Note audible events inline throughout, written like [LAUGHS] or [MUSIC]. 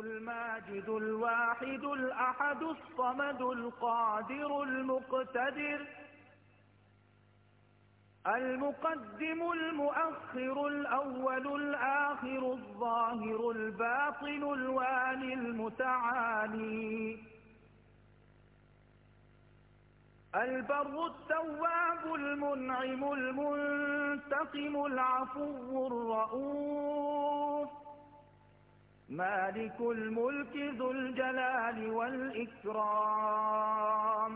الماجد الواحد الأحد الصمد القادر المقتدر المقدم المؤخر الأول الآخر الظاهر الباطن الوالي المتعالي البر التواب المنعم المنتقم العفو الرؤوف مالك الملك ذو الجلال والإكرام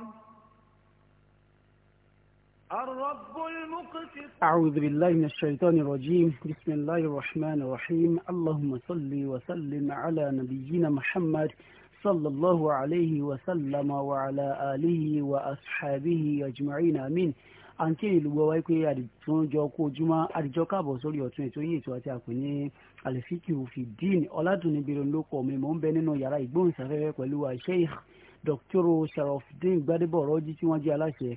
الرب المقتد أعوذ بالله من الشيطان الرجيم بسم الله الرحمن الرحيم اللهم صل وسلم على نبينا محمد صلى الله عليه وسلم وعلى آله وأصحابه أجمعين آمين à ń kéde ìlú wa wípé àdìjọ kó ojúmọ́ àdìjọ káàbọ̀ sórí ọ̀tún ètò yìí ètò àti àpè ní àlẹ́fíkì òfin dín ọ̀làdùnní bèrè lóko mi mò ń bẹ nínú yàrá ìgbóhùnsáfẹ́fẹ́ pẹ̀lú Sheikh Dr. Sharafdin Gbadebo Ọ̀rọ̀jì tí wọ́n jẹ́ aláṣẹ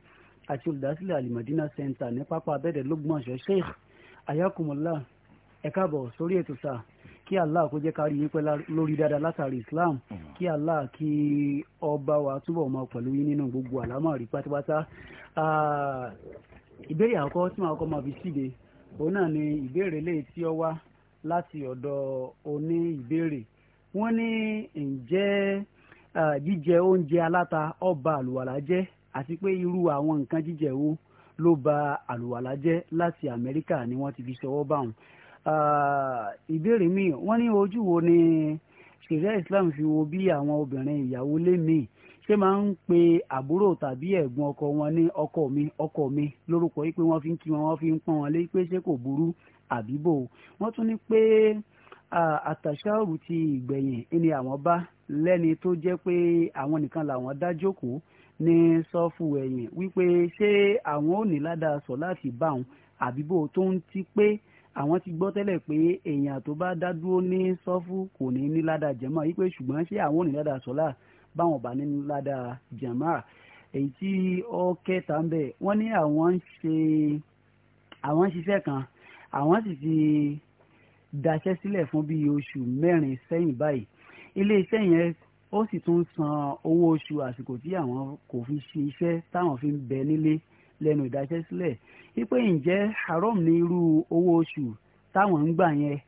àti olùdásílẹ̀ Alimadina Center ní pápá abẹ́dẹ̀ lọ́gbọ̀nsẹ̀ Sheikh ayakumullah ẹ káàbọ̀ sórí ètò sáà kí allah kó jẹ́ ká rí yín pẹ́ lórí dáadáa látàrí islam mm. kí allah kí ọba wa túbọ̀ máa pẹ̀lú yín nínú gbogbo àlámọ̀rí pátápátá ìbéèrè àkọ́kọ́ tí màá kọ́ máa fi síde òun náà ni ìbéèrè lè tí ó wá láti ọ̀dọ̀ oní ìbéèrè wọ́n ní ǹjẹ́ jíjẹ oúnjẹ aláta ó ba àlùwàlá jẹ́ àti pé irú àwọn nǹkan jíjẹ wo ló ba àlùwàlá jẹ́ láti amẹ́ríkà ni wọ́n ti fi ṣọwọ́ bá Ah, ìbéèrè mi wọ́n ní ojú wo ni ṣẹ̀ríà Islam fi wo bí àwọn obìnrin ìyàwó lé mi ṣé máa ń pe àbúrò tàbí ẹ̀gbọ́n ọkọ wọn ní ọkọ mi ọkọ mi lórúkọ yìí pé wọ́n fi ń kí wọn wọ́n fi ń pọ́n wọn lé pé ṣé kò burú àbíbò wọ́n tún ní pé àtàṣàrù ti ìgbẹ̀yìn ni àwọn bá lẹ́ni tó jẹ́ pé àwọn nìkan làwọn dá jókòó ní sọ́ọ̀fù ẹ̀yìn wípé ṣé àwọn ò ní ládàá sọ láti bá wọn àbíbò tó ń ti pé àwọn ti gbọ́ tẹ́lẹ̀ pé èèyàn tó bá dá dúró ní sọ́fù kò ní ní ládàá jàmáà yí pé ṣùgbọ́n ṣé àwọn ò ní ládàá sọ́lá báwọn bá ní ládàá jàmáà èyí tí ó kẹta ń bẹ̀ wọ́n ní àwọn ń ṣe àwọn ń ṣiṣẹ́ kan àwọn sì ti daṣẹ́ sílẹ̀ fún bíi oṣù mẹ́rin sẹ́yìn báyìí iléeṣẹ́ yẹn ó sì tún san owó oṣù àsìkò tí àwọn kò fi ṣe táwọn fi ń bẹ nílé lẹ́nu ìdaṣẹ́ sílẹ̀ wípé ǹjẹ́ haram ní irú owó oṣù táwọn ń gbà yẹn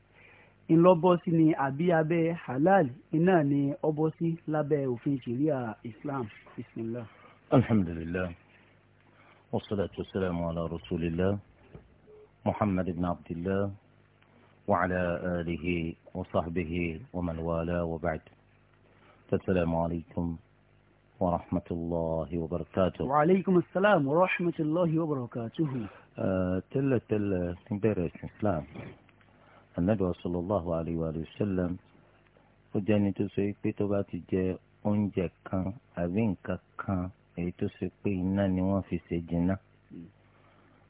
ńlọ́bọ́ sí ni àbí abẹ́ halal iná ni ọbọ́ sí lábẹ́ òfin ṣẹ̀ríà islam bismillah. alhamdulillah wassalatu wassalamu ala rasulillah muhammad ibn abdillah wa ala alihi wa sahbihi wa man wa ba'd. assalamu alaykum. ورحمة الله وبركاته وعليكم السلام ورحمة الله وبركاته تلا تلا تنبير الإسلام النبي صلى الله عليه وآله وسلم فجاني تسويك بيتوبات جاء oúnjẹ kan àbí nǹkan kan èyí tó ṣe pé iná ni wọ́n fi ṣe jiná hmm.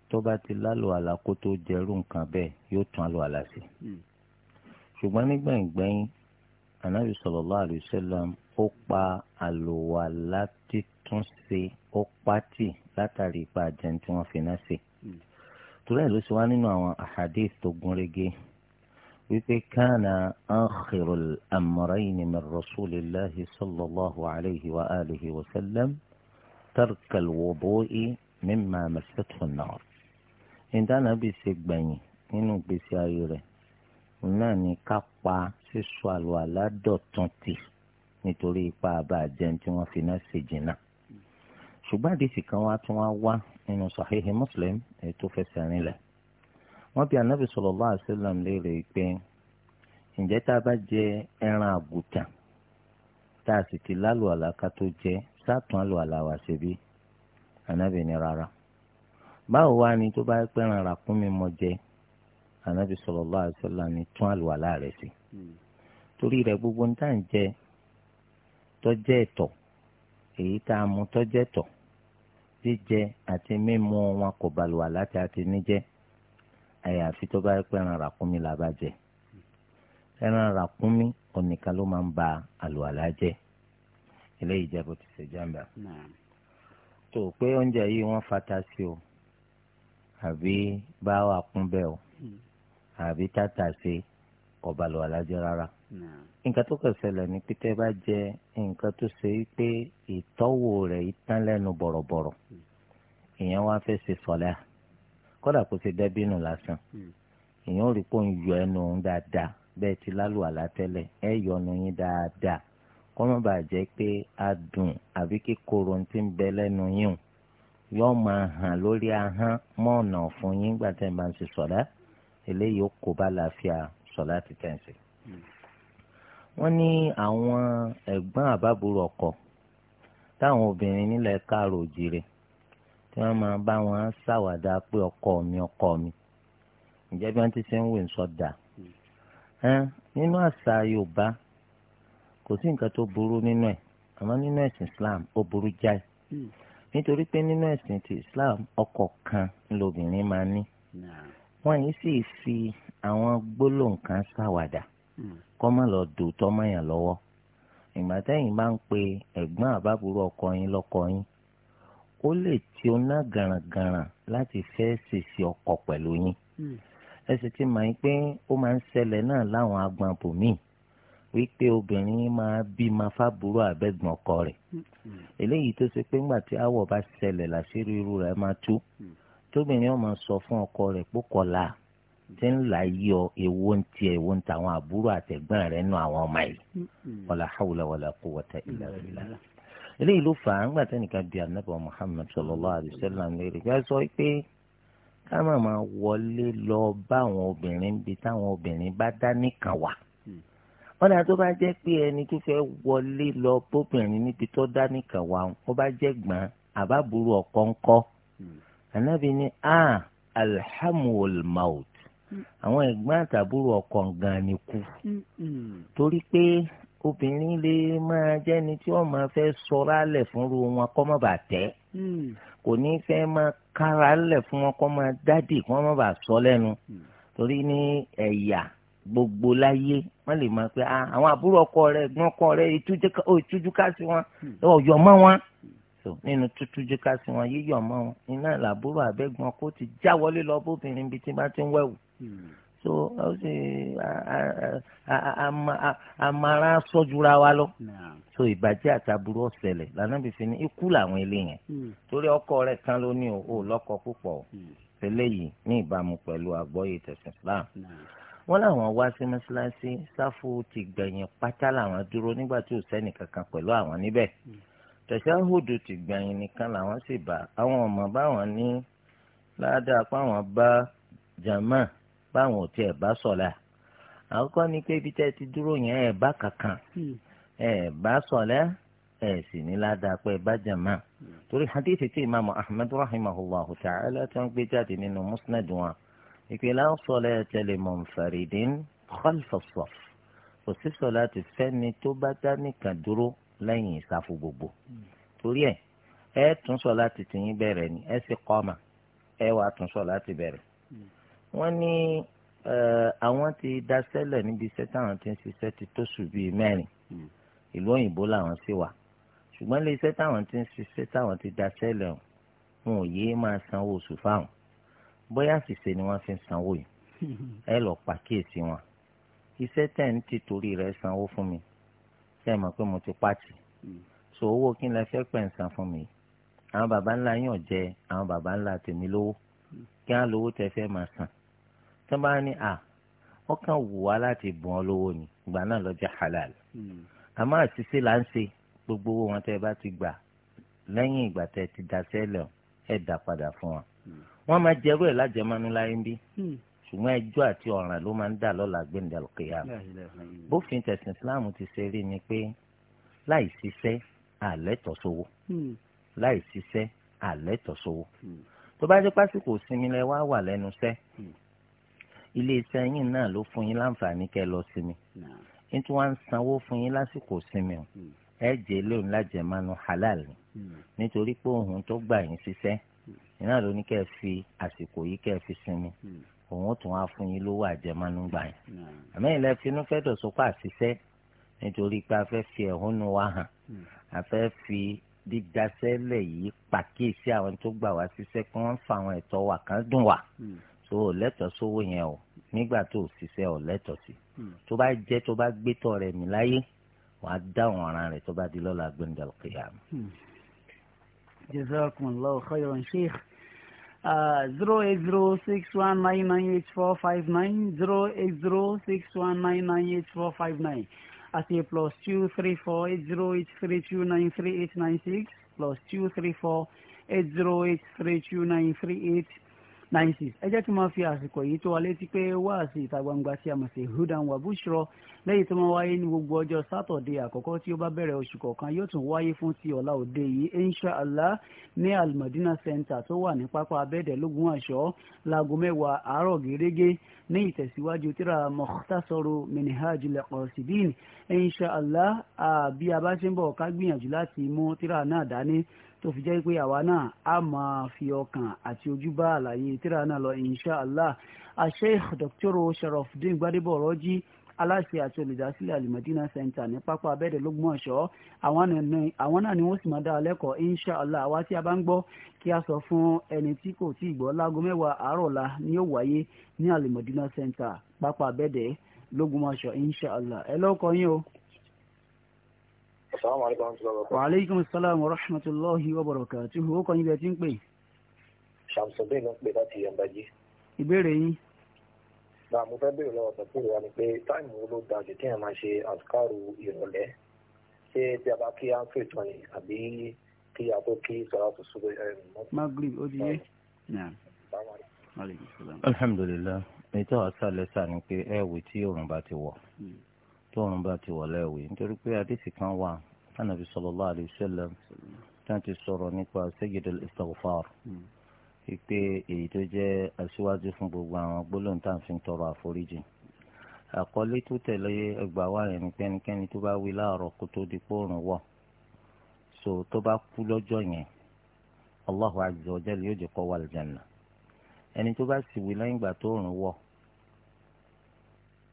tó bá ti lálò àlá kó tó jẹrú nǹkan bẹ́ẹ̀ yóò tún àlò àlá sí. Hmm. ṣùgbọ́n nígbẹ̀yìn gbẹ́yìn anabi sallallahu alaihi wasallam ó pa àlùwàlá títúnṣe ó pátì látàrí ipa àjẹn tí wọ́n fi náà ṣe. turẹ̀ ló ṣe wá nínú àwọn ahadith tó gúnrégé wípé kánà akhirul amrayn min rasulillahi sallallahu alayhi wa alihi wa sallam tarkal wudu'i mimma masathu an ìdáná bíi ṣe gbẹ̀yìn nínú ìgbésí ayé rẹ̀ náà ni ká pa sísọ àlùwàlá dọ̀tun tì nítorí ipa àbá àjẹun tí wọ́n fi náà ṣe jìnnà. ṣùgbọ́n àdìsí kan wá tún wá wá nínú Sahihi Muslim ètò fẹsẹ̀ rinlẹ̀. wọ́n bi anábì sallallahu alaihi wasallam léèrè pé ǹjẹ́ tá a bá jẹ ẹran àgùtàn tá a sì ti lálù àlàkà tó jẹ sátún àlù àlàwà ṣèbí anábì ní rárá. báwo wá ni tó bá pẹ́ràn ràkúnmí mọ jẹ anábì sallallahu alaihi wasallam ní tún àlù àlà rẹ̀ sí. Hmm. torí rẹ̀ gbogbo ń tà ń jẹ tọ́jẹ́ ẹ̀tọ́ èyí tá a mú tọ́jẹ́ ẹ̀tọ́ jíjẹ àti mímu wọn kò balùwà láti àti níjẹ àyàfi tó bá pẹ́ ẹran ràkúnmí la bá jẹ ẹran ràkúnmí ònìkan ló máa ń ba àlùwàlá jẹ eléyìí jẹ bó ti ṣe jàmbá tó pé oúnjẹ yìí wọ́n fata sí o àbí báwa kún bẹ́ẹ̀ o hmm. àbí tàtà sí kò balùwà lájẹ rárá nǹkan tó kàn ṣẹlẹ̀ ní pété bá jẹ nǹkan tó ṣe pé ìtọ́wò rẹ̀ tán lẹ́nu bọ̀rọ̀bọ̀rọ̀ èèyàn wá fẹ́ ṣe sọ̀lá kódà kó ṣe dẹ́bínú lásán hmm. èèyàn ò rí pò ń yọ ẹnu dáadáa bẹ́ẹ̀ ti lálùwàlá tẹ́lẹ̀ ẹ yọ ẹnu yín dáadáa kó má bàa jẹ́ pé adùn àbí kíkorò ti ń bẹ lẹ́nu yín yóò máa hàn lórí ahọ́n mọ́ ọ̀nà fún yín gbàtẹ́ bá ń ṣe sọ̀lá eléyìí ó kó bá láàfíà sọ̀lá ti tẹ̀ wọ́n ní àwọn ẹ̀gbọ́n àbábúrò ọkọ táwọn obìnrin nílẹ̀ káàrò òjìrè tí wọ́n máa bá wọn ṣàwàdà pé ọkọ mi ọkọ mi ǹjẹ́ bí wọ́n ti ṣe ń wè ń sọ̀dà nínú àṣà Yorùbá kò sí nǹkan tó burú nínú ẹ̀ àmọ́ nínú ẹ̀sìn Islam ó burú jáì nítorí pé nínú ẹ̀sìn ti Islam ọkọ kan lobìnrin máa ní wọ́n yìí sì fi àwọn gbólóǹkan ṣàwàdà hmm kọ́ má lọ dò tọ́mọ yẹn lọ́wọ́ ìgbà tẹ́yìn bá ń pe ẹ̀gbọ́n àbábúrò ọkọ yín lọ́kọ yín ó lè tí ó ná garangaran láti fẹ́ ṣèṣì ọkọ pẹ̀lú yín hmm. ẹ sì ti mọ̀ pé ó máa ń ṣẹlẹ̀ náà láwọn agbọn bòmíì wípé obìnrin máa bí mafábúrò àbẹ̀gbọ́n ọkọ rẹ̀ hmm. eléyìí tó ṣe pé ńgbà tí àwọ̀ bá ṣẹlẹ̀ láṣírí irú rẹ̀ máa tú hmm. tóbìnrin ó sọ fún ọkọ rẹ̀ pókọ̀lá tí ń là yọ ewo ń tiẹ̀ ewo ń ta àwọn àbúrò àtẹ̀gbọ́n rẹ̀ nù àwọn ọmọ yìí wàlà hàwùlà wàlà quwwata illa billah eléyìí ló fà á ńgbà tẹnìkan bíi anábọ̀ Muhammad sallallahu alaihi wasallam lérè ká sọ pé ká má máa wọlé lọ bá àwọn obìnrin bíi táwọn obìnrin bá dá níkan wà mm. wọn àti tó bá jẹ́ pé ẹni tó fẹ́ wọlé lọ bóbìnrin níbi tó dá níkan wà ó bá jẹ́ gbọ́n àbábúrò ọ̀kọ́ńkọ́ anábì mm. ní a ah, alhamul àwọn ẹ̀gbọ́n àtàbúrò ọkọ gan ni kú mm-hmm. torí pé obìnrin lè máa jẹ́ni tí wọ́n máa fẹ́ sọra lẹ̀ fúnru wọn kọ́ mọ́ bàa tẹ́ mm. kò ní fẹ́ máa kára lẹ̀ fún wọn kọ́ máa dádì kí wọ́n mọ́ bàa sọ lẹ́nu mm. torí ní ẹ̀yà gbogbo láyé wọ́n lè máa pé àwọn àbúrò ọkọ rẹ̀ ẹ̀gbọ́n ọkọ rẹ̀ ìtújúká sí wọn ọ̀yọ̀ mm. mọ́ wọn so nínú tútú jíká sí wọn yíyọ mọ wọn iná làbúrò àbẹ̀gbọ́n kó ti já wọlé lọ bóbìnrin bíi tí bá ti ń wẹ̀wù so ó sì amara sọ́júra wa lọ so ìbàjẹ́ àtàbúrò ọ̀sẹ̀lẹ̀ lànàbí fi ní ikú làwọn eléyẹn hmm. torí ọkọ rẹ̀ kan ló ní o lọ́kọ púpọ̀ tẹ́lẹ̀ hmm. yìí ní ìbámu pẹ̀lú àgbọ́yé tẹ̀sán Islam wọ́n láwọn wá sí mọ́ṣáláṣí sáfù ti gbẹ̀yìn pátá làwọn dúró nígbà tí ò sẹ́nì kankan pẹ̀lú àwọn níbẹ̀ hmm. tẹ̀síáhùdù ti gbẹ̀yìn nìkan làwọn sì bá àwọn ọmọ báwọn ní ládàá páwọn bá jàmáà báwọn ò tiẹ̀ bá sọ̀la àkọ́kọ́ ni pé ibi tẹ́ ti dúró yẹn ẹ̀ bá kankan hmm. ẹ̀ bá sọ̀la ẹ̀ sì ní ládàá pé bá jàmá hmm. torí hadith tí imaamu ahmed rahimahullahu ta'ala tó ń gbé jáde nínú musnad wọn ìpìlẹ̀ sọ̀la tẹ̀lé munfaridin khalfa saf kò sí sọ̀la ti fẹ́ni tó bá dá nìkan dúró lẹ́yìn ìsáfù gbogbo hmm. torí ẹ̀ ẹ̀ tún sọ̀la ti tìyín wọ́n ní àwọn ti daṣẹ́lẹ̀ níbi iṣẹ́ táwọn ti ń ṣiṣẹ́ ti tó sùn bíi mẹ́rin hmm. ìlú òyìnbó làwọn sì wà ṣùgbọ́n ilé iṣẹ́ táwọn ti ń ṣiṣẹ́ táwọn ti daṣẹ́lẹ̀ wọn ò yéé máa sanwó oṣù fáwọn bóyá àṣìṣe ni wọ́n fi ń sanwó yìí [LAUGHS] ẹ lọ pàkíyèsí wọn iṣẹ́ tẹ̀ ń ti torí rẹ̀ sanwó fún mi ṣe mọ̀ pé mo ti pàtì hmm. so owó kí n lè fẹ́ pẹ̀ ń san fún mi àwọn baba ńlá yàn jẹ àwọn baba ńlá tèmi lówó hmm. kí á lówó tẹ fẹ́ máa san tí wọ́n bá ní à wọ́n kàn wù wá láti bùn ọ́ lówó ni ìgbà náà ló jẹ́ halal hmm. àmọ́ àṣìṣe là ń ṣe gbogbo owó wọn tẹ́ ẹ bá ti gbà lẹ́yìn ìgbà tẹ́ ẹ ti da sẹ́lẹ̀ ẹ̀ dá padà fún wọn. Hmm. máa jẹ́rú ẹ̀ lájẹmánú láyé ń bí hmm. ṣùgbọ́n ẹjọ́ àti ọ̀ràn ló máa ń dà lọ́la gbẹ̀ndẹ̀ bófin tẹ̀sán islam ti ṣe rí ni pé láì ṣiṣẹ́ àlẹ́tọ̀ sówó láì ṣiṣẹ́ àlẹ́tọ̀ sówó. tó bá jẹ́ pásìkò sinmi lẹ wá wà lẹ́nu iṣẹ́ iléeṣẹ́ yín náà ló fún yín láǹfààní kẹ́ lọ sinmi nítorí wọ́n ń sanwó fún yín lásìkò sinmi o hmm. ẹ jẹ́ lóun lájẹ̀ mánu halal ni hmm. nítorí pé òun tó gbà yín ṣiṣẹ́ hmm. iná ló ní kẹ́ fi àsìkò yìí kẹ́ fi sinmi òun tún á fún yín lówó àjẹmánu gbà yín àmọ́ ilẹ̀ finú fẹ́ dọ̀sọ́kọ̀ àṣiṣẹ́ nítorí pé a fẹ́ fi ẹ̀hónú wa hàn a fẹ́ fi dídásẹ́lẹ̀ yìí pàkíyèsí àwọn tó gbà wá ṣiṣẹ́ kí wọ́n fa àwọn ẹ̀tọ́ wa kan dùn wá so ò lẹ́tọ̀ọ́ sówó yẹn o nígbà tó o ṣiṣẹ́ ò lẹ́tọ̀ọ́ sí hmm. tó bá jẹ́ tó bá gbétọ̀ rẹ̀ mí láyé wàá dáhùn ara rẹ̀ tó bá di lọ́la gbẹ̀ndàlù kìyàm. Hmm. jazakumullahu khairan sheikh uh, zero eight zero six one nine nine eight four five nine zero eight zero six one nine nine eight four five nine àti plus two three four eight zero eight three two nine three eight nine six plus two three four eight zero eight three two nine three eight nine six ẹ jẹ́ kí n máa fi àsìkò yìí tó wa létí pé wáàsí ìta gbangba tí a mọ̀ sí hudan wa bushro lẹ́yìn tó máa wáyé ní gbogbo ọjọ́ sátọ̀dé àkọ́kọ́ tí ó bá bẹ̀rẹ̀ oṣù kọ̀ọ̀kan yóò tún wáyé fún ti ọ̀la òde yìí inshàlá ní almadina center tó wà ní pápá abẹ́ẹ̀dẹ̀ lógún àṣọ láago mẹ́wàá àárọ̀ gẹ́gẹ́ ní ìtẹ̀síwájú tíra mọ̀tàsọ́rọ̀ minhaj lẹ́kọ̀ọ́sídìn inshàlá àbí abáṣẹ́ńbọ̀ ká gbìyànjú láti tó fi jẹ́ pé àwa náà a máa fi ọkàn àti ojú bá àlàyé tíra náà lọ insha allah Sheikh Dr. Sharafdin Gbadebo Rọ́jí aláṣẹ àti olùdásílẹ̀ alimadina center ní pápá abẹ́rẹ́ lọ́gbọ̀nsọ́ àwọn náà ni wọ́n sì máa dá lẹ́kọ̀ọ́ inshàlá àwa tí a bá ń gbọ́ kí a sọ fún ẹni tí kò tí ì gbọ́ láago mẹ́wàá àárọ̀ la ni yóò wáyé ní alimadina center pápá abẹ́rẹ́ lọ́gbọ̀nsọ́ inshàlá ẹ lọ́kọ̀ yín o. Wa alaikum assalam wa rahmatullahi wa barakatuhu. Ó kọ́ níbi ẹtí ń pè. Ṣàmùsọ̀bẹ́ ló ń pè láti Yambaji. Ìbéèrè yín. Náà mo fẹ́ béèrè lọ́wọ́ sọ̀tún ìwà ni pé táìmù wo ló da jù kí ẹ̀ máa ṣe àsìkárù ìrọ̀lẹ́? Ṣé tí a bá kí á fè tán ni àbí kí a tó kí sọ̀rọ̀ tó ṣubú ẹ̀ mọ́? Magrib ó ti yé. Alhamdulillah, ètò àṣà lẹ́sà ni pé ẹ̀wù tí òòrùn bá ti wọ̀. Hmm tóun bá ti wọlé ìwé nítorí pé àdìsí kan wà ànàbì sallallahu alaihi wasallam tí wọ́n ti sọ̀rọ̀ nípa sayyidul istighfar pípé hmm. èyí tó jẹ́ aṣíwájú fún gbogbo àwọn gbólóhùn tá à ń fi tọrọ àforíjì àkọlé tó tẹ̀lé ẹgbàá wà yẹn nìkẹ́nikẹ́ni tó bá wí láàárọ̀ kó tó di póòrùn wọ̀ so tó bá kú lọ́jọ́ yẹn Allahu azza wa yóò jẹ́ kó wà lìjànà ẹni tó bá sì wí lẹ́yìn ìgbà tó rùn wọ̀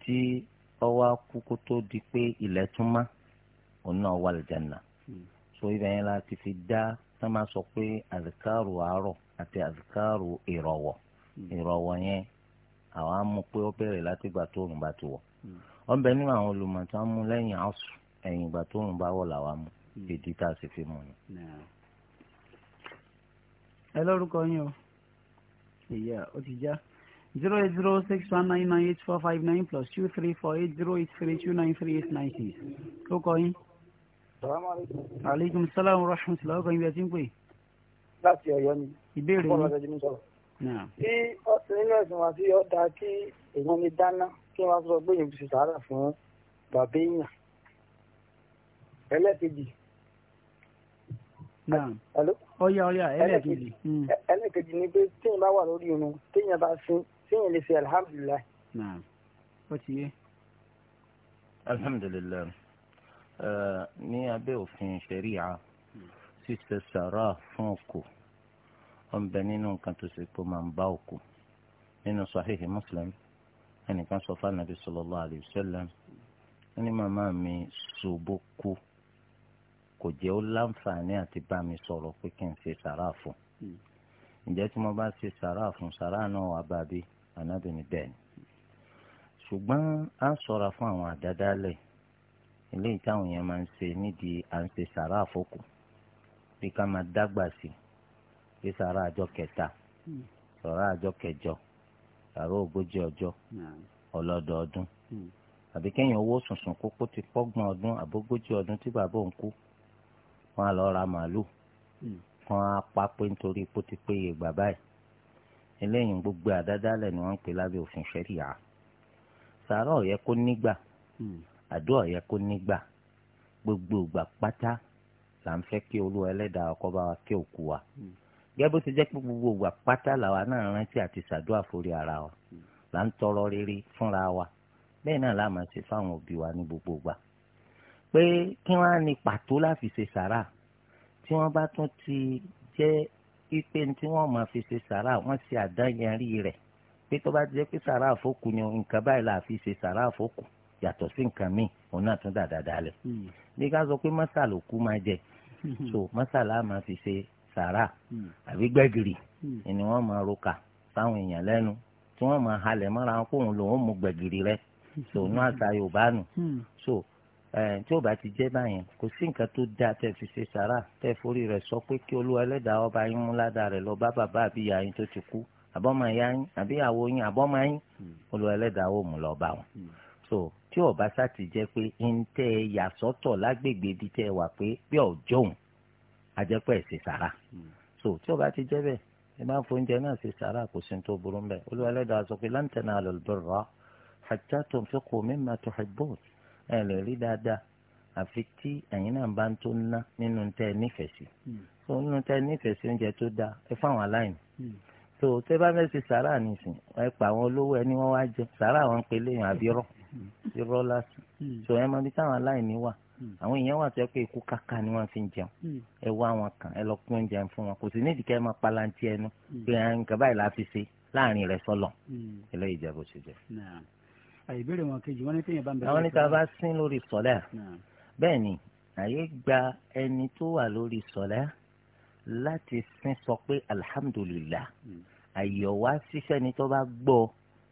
tí ọwọ́ akú kó tó di pé ilẹ̀ tún má òun náà wà lìjànà hmm. so ibẹ̀ yẹn la ti fi dá a máa sọ pé àzìkárù àárọ̀ àti àzìkárù ìrọ̀wọ̀ hmm. ìrọ̀wọ̀ yẹn àwọn á mú pé ó bẹ̀rẹ̀ láti ìgbà tó òun bá ti wọ̀ wọ́n hmm. bẹ nínú àwọn olùmọ̀ tí lẹ́yìn àṣù ẹ̀yìn ìgbà tó òun bá wọ̀ làwọn mú èdè tá a sì fi mú ni. ẹ lórúkọ yín o ìyá ó ti já zero eight zero six one nine nine eight four five nine plus two three four eight zero eight three two nine three eight nine six ló kọ yín. salaamaleykum. aleykum salaam wa rahmatulah ọkọ yín bí ẹ ti ń pè. láti Ọ̀yọ́ ni. ìbéèrè yín. tí nínú ẹ̀sìn wa tí ó dáa kí èèyàn lè dáná kí wọ́n sọ pé èèyàn fi sàárà fún bàbá èèyàn. ẹlẹ́kejì. ọ̀yà ọ̀yà ẹlẹ́kejì. ẹlẹ́kejì hmm. ni pé téèyàn bá wà lórí irun téèyàn bá sin sẹ́yìn lè ṣe alihamudulilayi. naam ó ti yé. alihamudulilayi ní abẹ́ òfin ṣẹ̀ríà ṣíṣe sàrà fún òkú ọ̀n bẹ nínú nǹkan tó ṣe pé máa ń bá òkú nínú sahihi muslim ẹnìkan sọ fún anabi sallallahu alayhi wa sallam wọ́n ní màmá mi ṣòbó kú kò jẹ́ ó láǹfààní àti bá mi sọ̀rọ̀ pé kí n ṣe sàrà fún hmm. ǹjẹ́ tí mo bá ṣe sàrà fún sàrà náà wà bá bí ànábì ní bẹ́ẹ̀ ni ṣùgbọ́n a ṣọ́ra fún àwọn àdádálẹ̀ eléyìí táwọn yẹn máa ń ṣe nídìí à ń ṣe sàrà àfọkù bí ká máa dágbà sí bí sàrà àjọ kẹta sàrà àjọ kẹjọ sàrà ogójì ọjọ́ ọlọ́dọọdún àbí kẹ́yìn owó sùnsùn kókó ti pọ́gbọ̀n ọdún àbógójì ọdún tí bàbá òun kú wọn lọ ra màálù kan á pa pé nítorí ipò ti péye gbà báyìí eléyìí gbogbo àdádálẹ̀ ni wọ́n ń pè lábẹ́ òfin ṣẹ́ríà sàárọ̀ ó yẹ kó nígbà hmm. àdúrà ó yẹ kó nígbà gbogbo ìgbà pátá là ń fẹ́ kí olú ẹlẹ́dàá ọkọ bá wa kí òkú wa hmm. gẹ́gẹ́ bó ti jẹ́ pé gbogbo ìgbà pátá làwa náà rántí àti sàdúrà forí ara wa hmm. là ń tọrọ rere fúnra wa bẹ́ẹ̀ náà láàmú ṣe fáwọn òbí wa ní gbogbo ìgbà pé kí wọ́n á ní pàtó láfi ṣe sàrà tí wọ́n bá tún ti jẹ́ pípé tí wọ́n máa fi ṣe sàrà wọ́n ṣe àdáyanrí rẹ̀ pé tó bá jẹ́ pé sàrà àfọ́kù ni nǹkan báyìí là fi ṣe sàrà àfọ́kù yàtọ̀ sí nǹkan míì òun náà tún dàda dalẹ̀. bí ká sọ pé mọ́sàlù kú máa jẹ so mọ́sàlá máa fi ṣe sàrà àbí gbẹ̀gìrì ni wọ́n máa roka sáwọn èèyàn lẹ́nu tí wọ́n máa halẹ̀ mọ́ra wọn kóun lòun mú gbẹ̀gìrì rẹ̀ so náà ta Yorùbá nù so tí ó bá ti jẹ́ báyẹn kò sí nǹkan tó dáa tẹ́ fi ṣe sàrà tẹ́ forí rẹ̀ sọ pé kí olúwa ẹlẹ́dàá ọba yín mú ládàá rẹ̀ lọ bá bàbá àbí ìyá yín tó ti kú àbọ̀mọ ìyá yín àbí ìyàwó yín àbọ̀mọ yín hmm. olúwa ẹlẹ́dàá ó mú lọ bá wọn. Hmm. so tí ó bá sá ti jẹ́ pé ń tẹ́ ẹ yà sọ́tọ̀ lágbègbè ibi tẹ́ wà pé bí ọ̀jọ́hùn àjẹpẹ́ ṣe sàrà hmm. so tí ó bá ti jẹ́ bẹ́ẹ̀ ẹ máa fóúnjẹ náà ṣe sàrà kò sí tó burú mbẹ́ olúwa ẹlẹ́dàá sọ pé lan tanalul birra ẹ lè rí dáadáa àfi tí ẹ̀yin náà bá ń tó ná nínú tẹ́ nífẹ̀ẹ́ sí hmm. so nínú tẹ́ ẹ nífẹ̀ẹ́ sí oúnjẹ tó dáa ẹ fáwọn aláìní hmm. so tẹ́ bá fẹ́ ṣe sàrà nìsín ẹ pa àwọn olówó ẹni wọ́n wá jẹ sàrà wọn pe léyìn àbí rọ irọ́ hmm. lásì so ẹ máa bí táwọn aláìní wà àwọn èèyàn wà tó yẹ pé ikú kàkà ni wọ́n fi ń jẹun ẹ wá wọn kàn ẹ lọ pín oúnjẹ fún wọn kò sí nídìí kẹ́ ẹ máa palantí ẹnu pé nǹkan báyìí la fi ṣe láàrin rẹ̀ sọlọ eléyìí jẹ bó ṣe jẹ àìbéèrè wọn kejì wọn ní téèyàn bá ń bẹ̀rẹ̀. àwọn níta bá sín lórí sọlá bẹ́ẹ̀ ni àyè gba ẹni tó wà lórí sọlá láti sín sọ pé alihamudulilá hmm. àyè wá sísẹ́ni tó bá gbọ́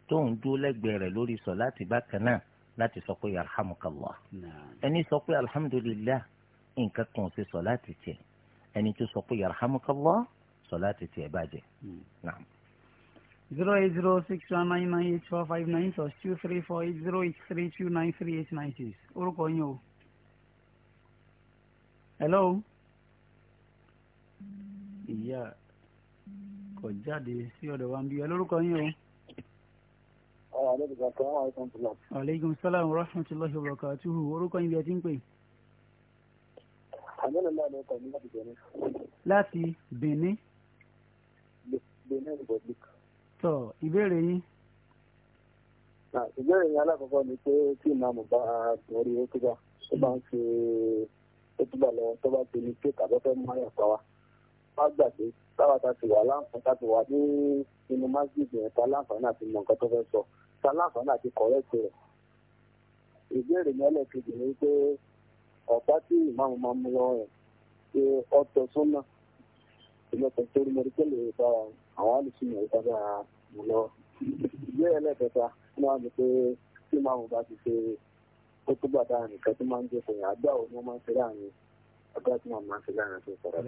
tóun dúró lẹ́gbẹ̀ẹ́ rẹ̀ lórí sọ láti bákan náà láti sọ pé alhamdulilah ẹni sọ pé alhamdulilah nǹkan kan ṣe sọ láti tiẹ̀ ẹni tó sọ pé alhamdulilah sọ láti tiẹ̀ bàjẹ́. Hmm zero eight zero six one nine nine eight four five nine plus two three four eight zero eight three two nine three eight nine six orúkọ yín o. hello. ìyá kò jáde sí ọ̀dọ̀ wa ń bí ẹ lórúkọ yín o. aleykum salaam wa rahmatulahi wa barakatuhu orúkọ yín bí ẹ ti ń pè. àná lọ́la ló kọ̀ ní láti Benin. láti Benin. Benin Republic tọ ìbéèrè yín. ìbéèrè yín alákọ̀ọ́kọ́ ni pé tí ìmáàmù bá borí ótúbà tó bá ń ṣe ótúbà lọ tó bá ti ní pé tàbọ́tẹ́ máa yà pa wa má gbàgbé táwa ta ti wà láǹfààní ta ti wà ní inú másíjì yẹn ta láǹfààní àti mọ nǹkan tó fẹ́ sọ ta láǹfààní àti kọ̀rẹ́tì rẹ̀ ìbéèrè yẹn lẹ́ẹ̀kejì ni pé ọ̀pá tí ìmáàmù máa mú lọ rẹ̀ ṣe ọ̀tọ̀ sọ́nà ìlọ́tọ̀ torí mọ̀rí àwọn alùpùpù yẹn sábà mú lọ. ìgbé ẹlẹ́kẹta wọ́n á ní pé tí màmú bá ti ṣe ó tó bá dáa nìkan tó máa ń jẹ́ fòyìn àgbà òun ló máa ń ṣe láàrin àgbà tí màmú máa ń ṣe láàrin tó sọ̀rọ̀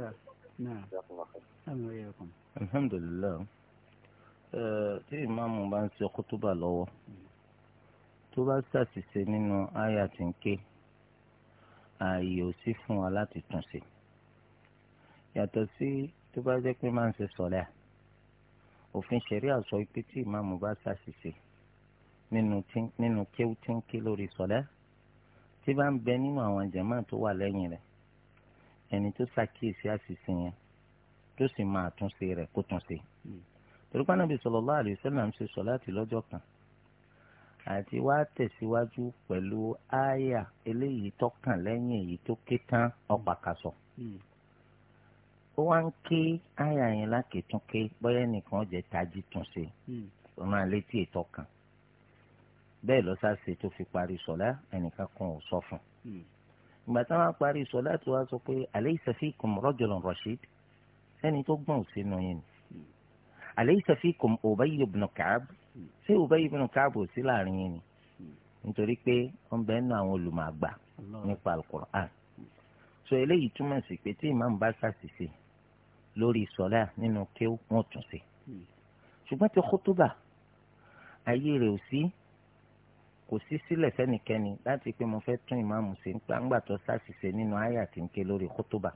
alhamdulilayi tí ìmáàmù bá ń ṣe kútúbà lọ́wọ́ tó bá ṣàṣìṣe nínú àyà tí ń ké ààyè ò sí fún wa láti tún ṣe yàtọ̀ sí tó bá jẹ́ pé máa ń ṣe sọ̀lẹ́ òfin ṣẹ̀rí àṣọ pé tí ìmáàmù bá ṣàṣìṣe nínú kéwú tí ń ké lórí sọ̀lá tí bá ń bẹ nínú àwọn jàmá tó wà lẹ́yìn rẹ̀ ẹni tó ṣàkíyèsí àṣìṣe yẹn tó sì máa túnṣe rẹ̀ kó túnṣe. torí pé Ànábì sallallahu alaihi wasallam ṣe sọ̀láàtì lọ́jọ́ kan àti wá tẹ̀síwájú pẹ̀lú áyà eléyìí tọ́kàn lẹ́yìn èyí tó ké tán ọ̀pàkàsọ̀ ó wá ń ké àyà yẹn lákètún ké bóyá nìkan jẹ tají tún ṣe hmm. ó máa létí ètò kan bẹ́ẹ̀ lọ́sàsẹ̀ tó fi parí sọ̀lá ẹnìkan kan ò sọ fún un hmm. ìgbà tí wọ́n parí sọ̀lá tó wá sọ pé alaysa fikum rajulun rashid ẹni tó gbọ́n sínú yẹn ni hmm. alaysa fikum Ubay ibn Ka'b ṣé Ubay ibn Ka'b ò sí láàrin yẹn ni nítorí pé wọ́n bẹ́ẹ̀ nù àwọn olùmọ̀ àgbà nípa al so eléyìí túmọ̀ sí pé tí ìmáàmù bá ṣàṣìṣe lórí sọlá nínú kéw wọn tún sí ṣùgbọ́n ti kótóbà ayé rẹ̀ ò sí kò sí sílẹ̀ fẹ́nikẹ́ni láti pé mo fẹ́ tún ìmáàmù ṣe ńgbà tó ṣàṣìṣe nínú àyà tí ń ké lórí kótóbà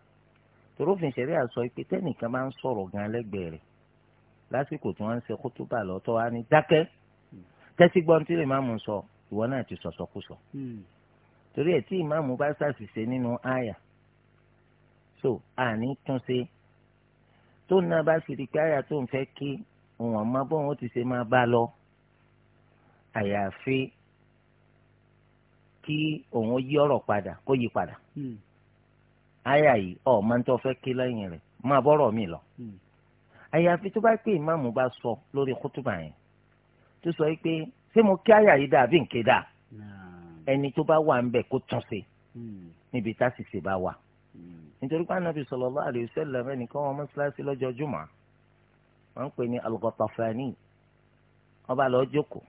torófin ṣẹ̀rí àsọ pé tẹ́nìkan máa ń sọ̀rọ̀ gan lẹ́gbẹ̀ẹ́ rẹ̀ lásìkò tí wọ́n ń ṣe kótóbà lọ́tọ́ wa ní dákẹ́ tẹ́sí gbọ́n tí ìmáàmù sọ ìwọ náà ti sọ̀sọ̀kúsọ torí ẹ̀ tí ìmáàmù bá ṣàṣìṣe nínú àyà so àní túnṣe tó náà bá sì rí pé àyà tó ń fẹ́ kí òun àmọ́ bóun ó ti ṣe máa bá lọ àyàfi kí òun yí ọ̀rọ̀ padà kó yí padà hmm. àyà yìí ọ̀ máa ń tọ́ fẹ́ kí lẹ́yìn rẹ̀ máa bọ́rọ̀ mi lọ hmm. àyàfi tó bá pé ìmáàmù bá sọ lórí kútùbà yẹn tó sọ pé ṣé mo kí àyà yìí dàbí nké dà ẹni tó bá wà ń bẹ̀ kó tún ṣe hmm. níbi tá sì ṣe bá wà nítorí pé anabi sallallahu alayhi wa sallam ẹnìkan wọn mọ́ṣáláṣí lọ́jọ́ jùmọ̀ wọ́n ń pè ní al-Ghatafani ó bá lọ jókòó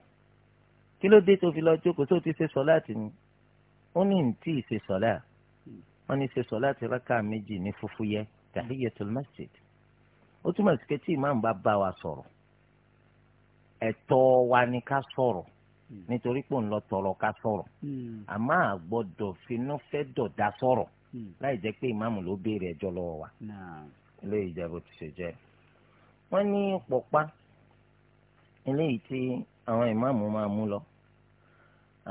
kí ló dé tó fi lọ jókòó tó ti ṣe sọláàtì ni ó ní ntí ṣe sọláà wọ́n ní ṣe sọláàtì rákà méjì ní fúfúyẹ́ tahiyyatul masjid ó túmọ̀ sí pé tí ìmáàmù bá bá wa sọ̀rọ̀ ẹ̀tọ́ wa ni ká sọ̀rọ̀ hmm. nítorí pé òun lọ tọrọ ká sọ̀rọ̀ hmm. àmọ́ àgbọ́dọ̀ finú fẹ́ dọ̀dá sọ̀rọ̀ Hmm. láì jẹ́ pé ìmáàmù ló béèrè ẹjọ́ lọ́wọ́ wa eléyìí jẹ́ bó ti ṣe jẹ́ wọ́n ní pọ̀pá eléyìí tí àwọn ìmáàmù máa mú lọ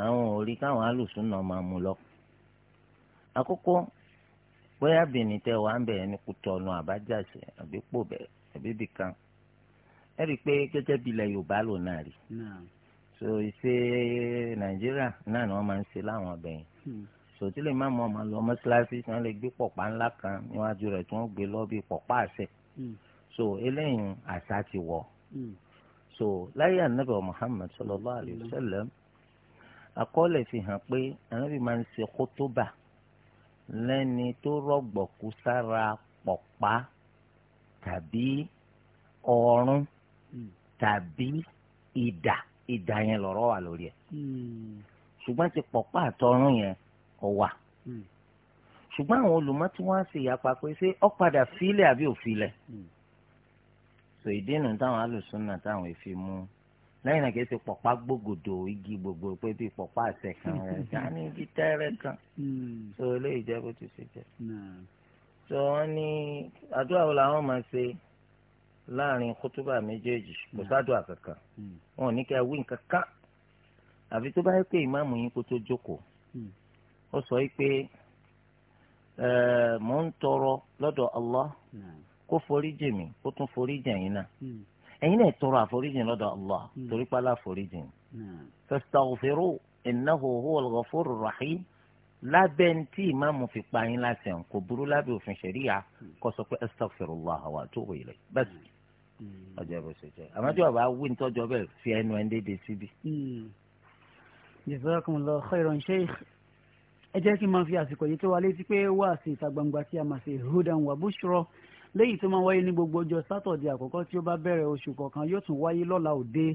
àwọn òrí káwọn alùsùn náà máa mú lọ àkókò bóyá bìnrin tẹ wàá ń bẹ̀rẹ̀ ní kutọ́nu àbájáṣe àbí pòbẹ̀ àbí bìkan ẹ rí i pé gẹ́gẹ́ bí ilẹ̀ yorùbá lò náà rí so ìṣe nàìjíríà náà ni wọ́n máa ń ṣe láwọn ọbẹ̀ yẹn hmm sọ tí lè má mọ ọmọ lọ mọ́ṣáláṣí tí wọ́n lè gbé pọ̀pá ńlá kan níwájú rẹ̀ tí wọ́n gbé lọ bí pọ̀pá àṣẹ hmm. so eléyìí àṣà ti wọ̀ hmm. so láyé ànábì Muhammad sallallahu alayhi wa sallam àkọọ́lẹ̀ fi hàn pé ànábì máa ń ṣe kótóbà lẹ́ni tó rọ̀gbọ̀kú sára pọ̀pá tàbí ọ̀run hmm. tàbí ìdà ìdà yẹn lọ́rọ̀ wà lórí ẹ̀ ṣùgbọ́n ti pọ̀pá àtọ̀run yẹn ọwà hmm. ṣùgbọ́n àwọn olùmọ̀ tí wọ́n á ṣe ìyapa pé ṣé ọ padà fílẹ̀ àbí ò fílẹ̀ hmm. sọ ìdí nù táwọn alùsùnà táwọn èfi mú lẹ́yìn náà kìí ṣe pọ̀pá gbògòdò igi gbogbo pé bíi pọ̀pá àṣẹ kan rẹ̀ [LAUGHS] dání igi tẹ́rẹ̀ kan hmm. sọ eléyìí jẹ́ bó ti ṣe jẹ́ sọ wọ́n ní àdúrà wo làwọn máa ṣe láàrin kútúbà méjèèjì kò sádùn àkàkà wọn ò ní kí ẹ wí nǹkan kan àfi tó bá yẹ pé ìmáàmù yín kó tó jókòó ó sọ pé mò ń tọrọ lọ́dọ̀ Allah kó forí jì mí kó tún forí jì ẹ̀yin náà hmm. ẹ̀yin náà tọrọ àforíjìn lọ́dọ̀ Allah hmm. torí pálá àforíjìn fastaghfiru innahu huwal ghafurur rahim lábẹ́ ní tí ìmáàmù fi pa yín láti ẹ̀ kò burú lábẹ́ òfin ṣẹ̀ríyà hmm. kó sọ pé astaghfirullah wa atubu ilayh bẹ́ẹ̀ ọjọ́ ìbò ṣe jẹ́ àmọ́ tí wàá bá wí nítọ́jọ́ bẹ́ẹ̀ fi ẹnu ẹ̀ ń dédé síbi. jazakumullahu khairan sheikh ẹ jẹ́ kí n máa fi àsìkò yìí tó wa létí pé wá sí ìta gbangba tí a máa ṣe hudan wa bushra léyìí tó máa wáyé ní gbogbo ọjọ́ sátọ̀dẹ̀ àkọ́kọ́ tí ó bá bẹ̀rẹ̀ oṣù kọ̀ọ̀kan yóò tún wáyé lọ́la òde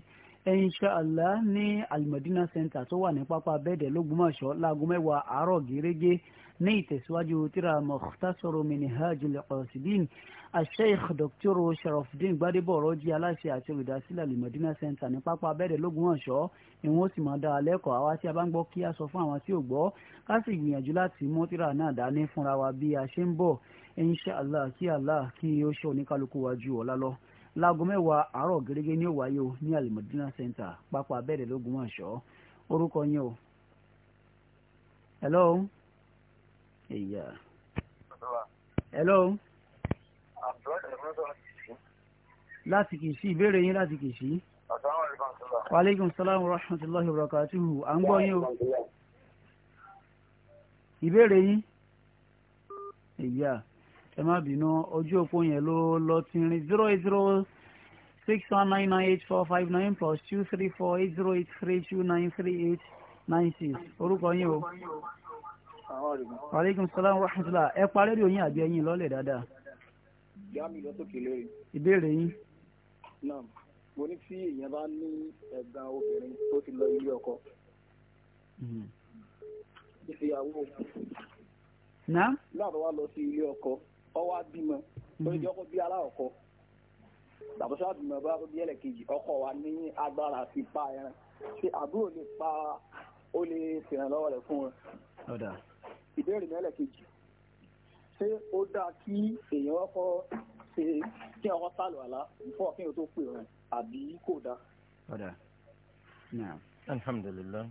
inshallah ní alimadina center tó wà ní pápá bẹ́ẹ̀dẹ̀ lọ́gbọ́mọ̀ṣọ́ láago mẹ́wàá àárọ̀ gẹ́gẹ́ ní ìtẹ̀síwájú tíra mọ̀tàsọ̀rọ̀ minhajul qasidin asheikh dr sharafdin gbadebo ọ̀rọ̀jì aláṣẹ àti olùdásílẹ̀ alimadina center ní pápá bẹ́ẹ̀dẹ̀ lọ́gbọ́mọ̀ṣọ́ ni wọ́n sì máa dá a lẹ́kọ̀ọ́ àwa tí a bá ń gbọ́ kí a sọ fún àwọn tí ò gbọ́ ká sì gbìyànjú láti mú tíra náà dání fúnra wa bí a ṣe ń bọ̀ allah kí ó ṣe láago mẹ́wàá àárọ̀ gẹ́gẹ́ ní òwáyé o ní alimọ̀dínà center pápá abẹ́rẹ́ lógún ọ̀ṣọ́ orúkọ yín o. hello. ẹ̀yà. hello. láti Kìṣí ìbéèrè yín láti Kìṣí. waaleykum salaam wa rahmatulahi wa barakatuhu à ń gbọ́ yín o. ìbéèrè yín. ẹ̀yà. Yeah ẹ má bínú ojú òpó yẹn ló lọ tínrín zero eight zero six one nine nine eight four five nine plus two three four eight zero eight three two nine three eight nine six orúkọ yín o. aleykum salaam wa rahmatulah ẹ parí rí oyin àbí ẹyin lọ́lẹ̀ dáadáa. ìyá mi lọ sókè lórí. ìbéèrè yín. náà mo ní tí èèyàn bá ní ẹ̀gbọ́n obìnrin tó ti lọ ilé ọkọ. Hmm. ìfìyàwó. náà. láàbọ̀ wá lọ sí ilé ọkọ ọwọ́ abímọ lórí ọkọ bí aláwọkọ tàbísọ abímọ bá bí ẹlẹ́kejì ọkọ wa ní agbára àti pa ẹran ṣe àbúrò lè pa ó lè ṣèrànlọ́wọ́ rẹ̀ fún wọn. ìbéèrè mi ẹlẹ́kejì ṣé ó dáa kí èèyàn ọkọ ṣe kí ọkọ sálọ àlá before kí èèyàn tó pè wọn àbí kò dáa. ọ̀dà alhamdulilayi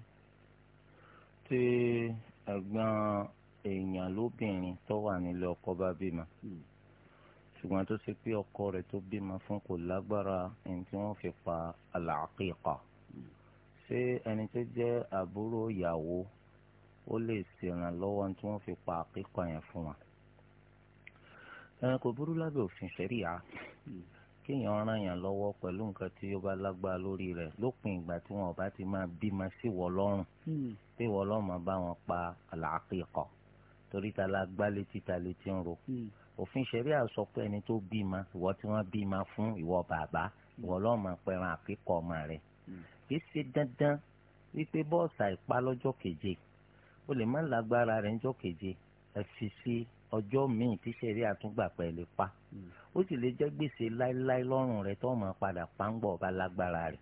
tí ẹ̀gbọ́n èèyàn lóbìnrin tó wà nílé ọkọ bá bímọ hmm. ṣùgbọ́n tó ṣe pé ọkọ rẹ̀ tó bímọ fún kò lágbára ẹni tí wọ́n fi pa àlàákìkà hmm. ṣé ẹni tó jẹ́ àbúrò ìyàwó ó lè ṣèrànlọ́wọ́ tí wọ́n fi pa àkíkà yẹn fún wa. kò burú lábẹ́ òfin ṣẹ̀ríà hmm. kéèyàn ràn yàn lọ́wọ́ pẹ̀lú nǹkan tí ó bá lágbára lórí rẹ̀ lópin ìgbà tí wọn ò bá ti máa bímọ sí wọ́ lọ́rùn pé wọ́ lọ́mọ bá wọn pa àlàákìkà torí ta la gbá létí ta létí ń ro hmm. òfin ṣẹ̀rí àsọ pé ẹni tó bí ma ìwọ tí wọ́n bí ma fún ìwọ bàbá hmm. ìwọ lọ́ọ̀mà pẹ̀ràn àkíkọ́ ọmọ rẹ̀ hmm. kìí ṣe dandan wípé bọ́ọ̀sì àìpá lọ́jọ́ keje o lè má lágbára rẹ̀ ńjọ́ keje ẹ fi sí ọjọ́ míì tí ṣẹ̀rí àtúngbà pẹ̀lú pa ó sì lè jẹ́ gbèsè láéláé lọ́rùn rẹ̀ tó máa padà pàǹgbọ̀ ọba lágbára rẹ̀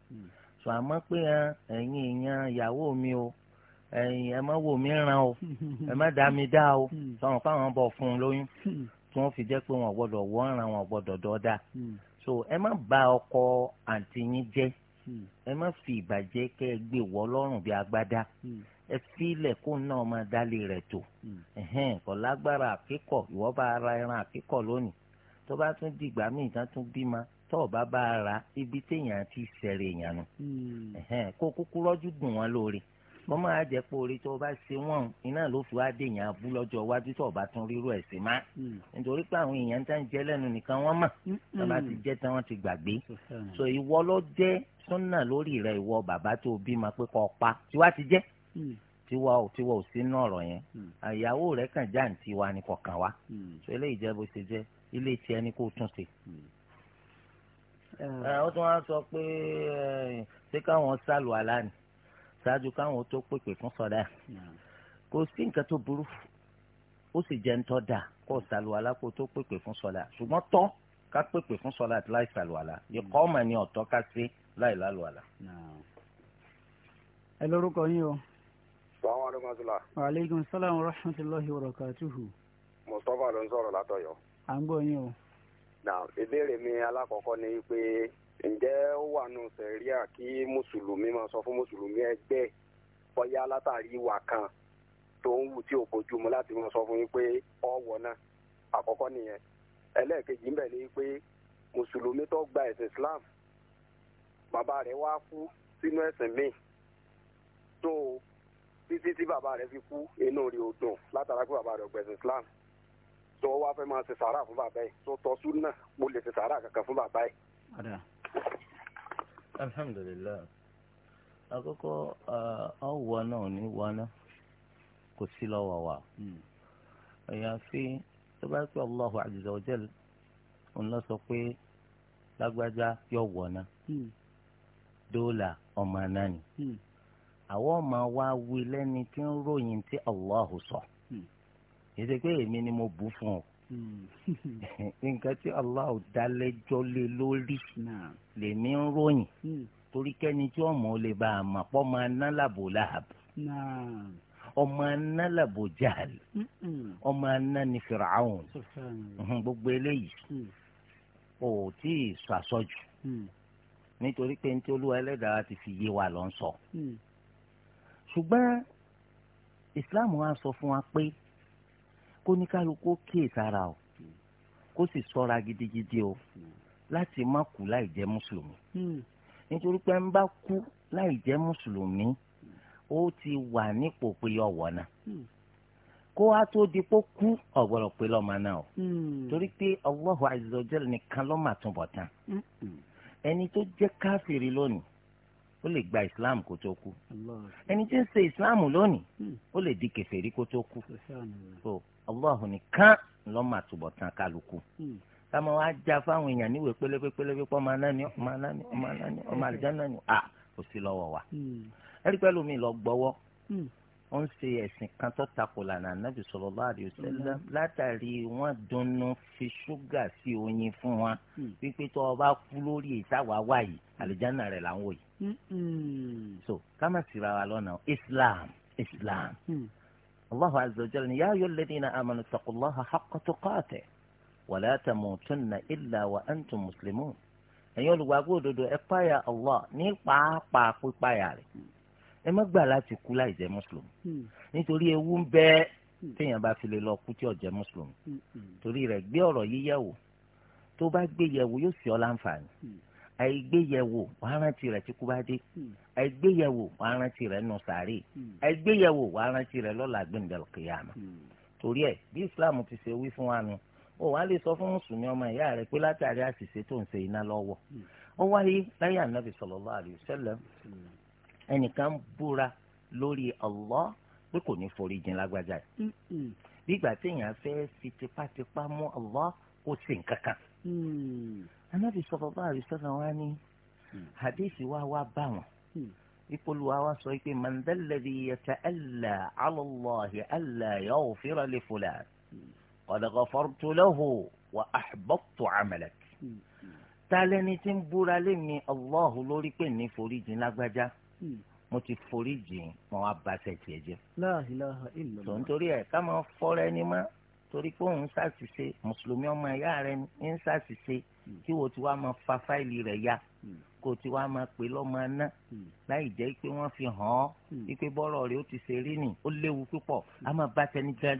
sọ àmọ́ pé ẹ̀yin ìyan ìyàwó mi o ẹ̀yin ẹ má wò mí ràn o ẹ má dá mi dá o sọ̀rọ̀ hmm. fáwọn bọ̀ fún un lóyún hmm. tí wọ́n fi jẹ́ pé wọ́n gbọ́dọ̀ wọ́n ràn wọ́n gbọ́dọ̀ dọ́dà hmm. so ẹ má ba ọkọ àǹtí yín jẹ́ ẹ má fi ìbàjẹ́ kẹ́ ẹ gbé wọ́ lọ́rùn bí agbádá ẹ filẹ̀ kó náà máa dálé rẹ̀ tó kò lágbára àkíkọ̀ ìwọ́ bá ra ẹran àkíkọ̀ lónìí tó bá tún dìgbà míì tán tún bímọ tọ́ọ̀ bá bá ra ibi téèyàn ti sẹ̀rẹ̀ èèyàn mọ́ máa jẹ́ pé orí tó o bá ṣe wọ́n iná ló fi wá dé èèyàn abú lọ́jọ́ iwájú tó o bá tún ríru ẹ̀ sí má hmm. nítorí pé àwọn èèyàn tá ń jẹ lẹ́nu nìkan wọ́n mọ̀ bàbá hmm. ti jẹ́ tán wọ́n ti gbàgbé so ìwọ ló jẹ́ súnà lórí rẹ̀ ìwọ bàbá tó o bímọ pé kọ́ pa tiwa ti jẹ́ tiwa ò tiwa ò sí nínú ọ̀rọ̀ yẹn àyàwó hmm. rẹ̀ kàn já ní tiwa ni kọ̀ọ̀kan wa so eléyìí jẹ́ bó ṣe jẹ́ ilé tiẹ̀ ni kó tún ṣe ó tún wá sọ pé ṣé káwọn sálù àlá ni ṣáájú káwọn tó pèpè fún sọdá kò sí nǹkan tó burú ó sì jẹ́ ńtọ́ dà kó ṣàlùwàlá kó tó pèpè fún sọdá ṣùgbọ́n tọ́ ká pèpè fún sọdá láì ṣàlùwàlá ikọ́ ọmọ ni ọ̀tọ́ ká sí láì lálùwàlá. ẹ lórúkọ yín o. sàwọn aleykum salaam. aleykum salaam wa rahmatulahi wa barakatuhu. mustapha ló ń sọ̀rọ̀ látọ̀yọ́. à ń gbọ́ yín o. na ìbéèrè mi alákọ̀ọ́kọ́ ni pé ǹjẹ́ ó wà nù sẹ̀ríà kí mùsùlùmí máa sọ fún mùsùlùmí ẹgbẹ́ bọ́yá látàrí ìwà kan tó ń wù tí ò bójú mu láti máa sọ fún yín pé ọ̀wọ̀ náà àkọ́kọ́ nìyẹn ẹlẹ́ẹ̀kejì ń bẹ̀ ni pé mùsùlùmí tó gba ẹ̀sìn Islam bàbá rẹ̀ wá kú sínú ẹ̀sìn míì tó títí tí bàbá rẹ̀ fi kú inú rí o dùn látara pé bàbá rẹ̀ gbẹ̀sìn Islam tó wá fẹ́ máa ṣe sàárà fún bàbá yìí tó tọ́ súnà mo lè ṣe sàárà kankan fún bàbá yìí alhamdulilayi àkọ́kọ́ ọwọ náà ní wọnà kò sí lọ́wọ́ wa hmm. àyàfi tó bá pẹ Allahu azza wa jal òun lọ sọ pé lágbájá yọ wọnà hmm. dóòlà ọmọ náà ni àwọn ọmọ wa wí lẹ́ni tí ń ròyìn tí Allahu sọ èdè hmm. pé èmi ni mo bù fún ọ. Hmm. [LAUGHS] nǹkan tí Allah ò dálẹ́jọ́ lé lórí lèmi ń ròyìn hmm. torí kẹ́ni tí ọmọ lè bá a mà pọ́ máa ná làbò láàbù ọmọ aná làbò jáàlì hmm. ọmọ aná ni Fir'aun gbogbo eléyìí ò tí ì sọ àsọjù nítorí pé ntí olúwa ẹlẹ́dàá ti fi yé wa lọ sọ ṣùgbọ́n Islam wa sọ fún wa pé kó ní kálukú kíyè sára o kó sì ṣọ́ra gidigidi o láti má kú láì jẹ́ mùsùlùmí hmm. nítorí pé ń bá kú láì jẹ́ mùsùlùmí ó ti wà nípò pé ọ̀wọ́ náà hmm. kó a tó di pé kú ọ̀gbọ̀rọ̀ pé lọ́mọ náà o hmm. torí pé Allahu azza wa jalla nìkan ló máa túnbọ̀ tán ẹni tó jẹ́ káfíìrì lónìí ó lè gba islam kó tó kú ẹni tí ń ṣe islam lónìí ó lè di kèfèrí kó tó kú Allahu nìkan ló máa túbọ̀ tán kálukú káma hmm. wá já fáwọn èèyàn níwèé pélépé pélépé máa náni ọmọ náni ọmọ náni ọmọ hmm. àlùjáná ni à kò sí lọ́wọ́ wa. ẹ̀rí pẹ̀lú mi lọ gbọ́wọ́ hmm. ó ń ṣe ẹ̀sìn kan tó takò lànà ànábì sallallahu alaihi wasallam látàrí wọ́n dunnú fi ṣúgà sí oyin fún wa wípé tó o bá kú lórí ìsáwá wà yìí àlùjáná rẹ̀ là ń wò yìí. so káma sira wa lọ́nà Islam Islam. Mm. الله azza wa jalla ni ya ayyuhal ladhina amanu taqullaha haqqa tuqatih wa la tamutunna illa wa antum muslimun ẹ̀yin olùgbàgbọ́ òdodo ẹ páyà Allah ní pàápàá pípáyà rẹ̀ ẹ má gbà láti kú láì jẹ́ mùsùlùmí hmm. nítorí ewu ń bẹ hmm. téèyàn bá fi lè lọ kú tí ò jẹ́ mùsùlùmí hmm. torí rẹ̀ gbé ọ̀rọ̀ yíyẹ̀wò tó bá gbé yẹ̀wò yóò sì ọ́ láǹfààní àìgbéyẹ̀wò wàá rántí rẹ̀ tí kú bá dé àìgbéyẹ̀wò hmm. wàá rántí rẹ̀ nù sàárè àìgbéyẹ̀wò hmm. wàá rántí rẹ̀ lọ́la gbẹ̀ndẹ̀lùkìyàmà hmm. torí ẹ̀ bí islam ti ṣe wí fún wa nu ó wàá lè sọ fún mùsùlùmí ọmọ ìyá rẹ̀ pé látàrí àṣìṣe tó ń ṣe iná lọ́wọ́ ó wáyé láyé ànábì sallallahu alaihi wasallam ẹnìkan búra lórí Allah pé kò ní forí jin lágbájá yìí bí ìgbà téèyàn fẹ́ fi tipátipá mú Allah kó sì ń kankan anábì sọ̀rọ̀ bá àrísọ́nà wa ní hmm. hadith wa wá bá wọn ìpolówó hmm. wa sọ pé mandaladi yata'alla 'ala Allahi alla yaghfira li fulan qad ghafartu lahu wa ahbabtu 'amalak hmm. talẹ́ni tí ń búra lé mi Allahu lórí pé ní foríjìn lágbájá mo ti foríjìn mo wá ba sẹ̀tì ẹ̀ tó ń torí ẹ̀ ká máa fọ́ra ẹni mọ́ torí pé òun ṣàṣìṣe mùsùlùmí ọmọ ẹ̀yà rẹ ń ṣàṣìṣe kí wọ́n ti wá máa fa fáìlì rẹ̀ ya kó o ti wá máa pè lọ́mọ aná hmm. láì jẹ́ pé wọ́n fi hàn ọ́ hmm. wípé bọ́rọ̀ rẹ ó ti ṣe rí nì ó léwu púpọ̀ a hmm. máa bá tẹni gan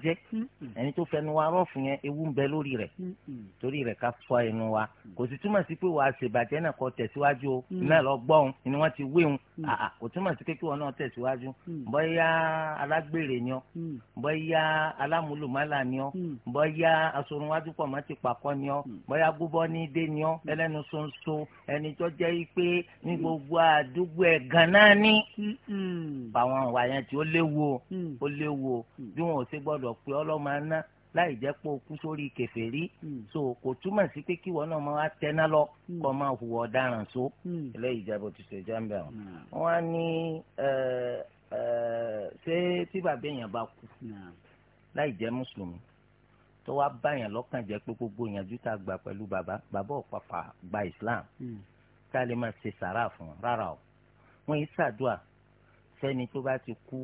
ẹni tó fẹnu wa rọ́ọ̀fù yẹn ewu ń bẹ lórí rẹ̀ torí rẹ̀ ká fọ ẹnu wa kò sì túmọ̀ sí pé wàá ṣèbàjẹ́ náà kọ tẹ̀síwájú o náà lọ gbọ́n ni wọ́n ti wéhun kò túmọ̀ sí pé wọn náà tẹ̀síwájú bóyá alágbèrè ni ọ bóyá alámúlùmálà ni ọ bóyá asorunwájú pọ̀ mọ́ ti pàkọ́ ni ọ bóyá gbúbọ́ ní dé ni ọ ẹlẹ́nu ṣoṣo ẹni tó jẹ́ pé ní gbogbo àdúgbò ẹ̀ ganan ní. báwọn ìwà yẹn tí ó léwu o mm. ó léwu o mm. bí wọn ò ṣe gbọ́dọ̀ pé ọlọ́mọ aná láì jẹ́ pé o kú sórí kèfèrí mm. so kò túmọ̀ sí pé kí wọn náà máa wá tẹná lọ kó máa hùwà ọ̀daràn so eléyìí jẹ́ bó ti ṣe jẹ́ ń bẹ̀ wọ́n. wọ́n á ní ṣé tí bàbá èèyàn bá kú láì jẹ́ mùsùlùmí tó wá báyàn lọ́kàn jẹ́ pé gbogbo ìyànjú tá a gbà pẹ̀lú bàbá bàbá ọ̀pàpà gba Islam tá a lè máa ṣe sàrà fún rárá o wọn yìí ṣàdúà fẹ́ni tó bá ti kú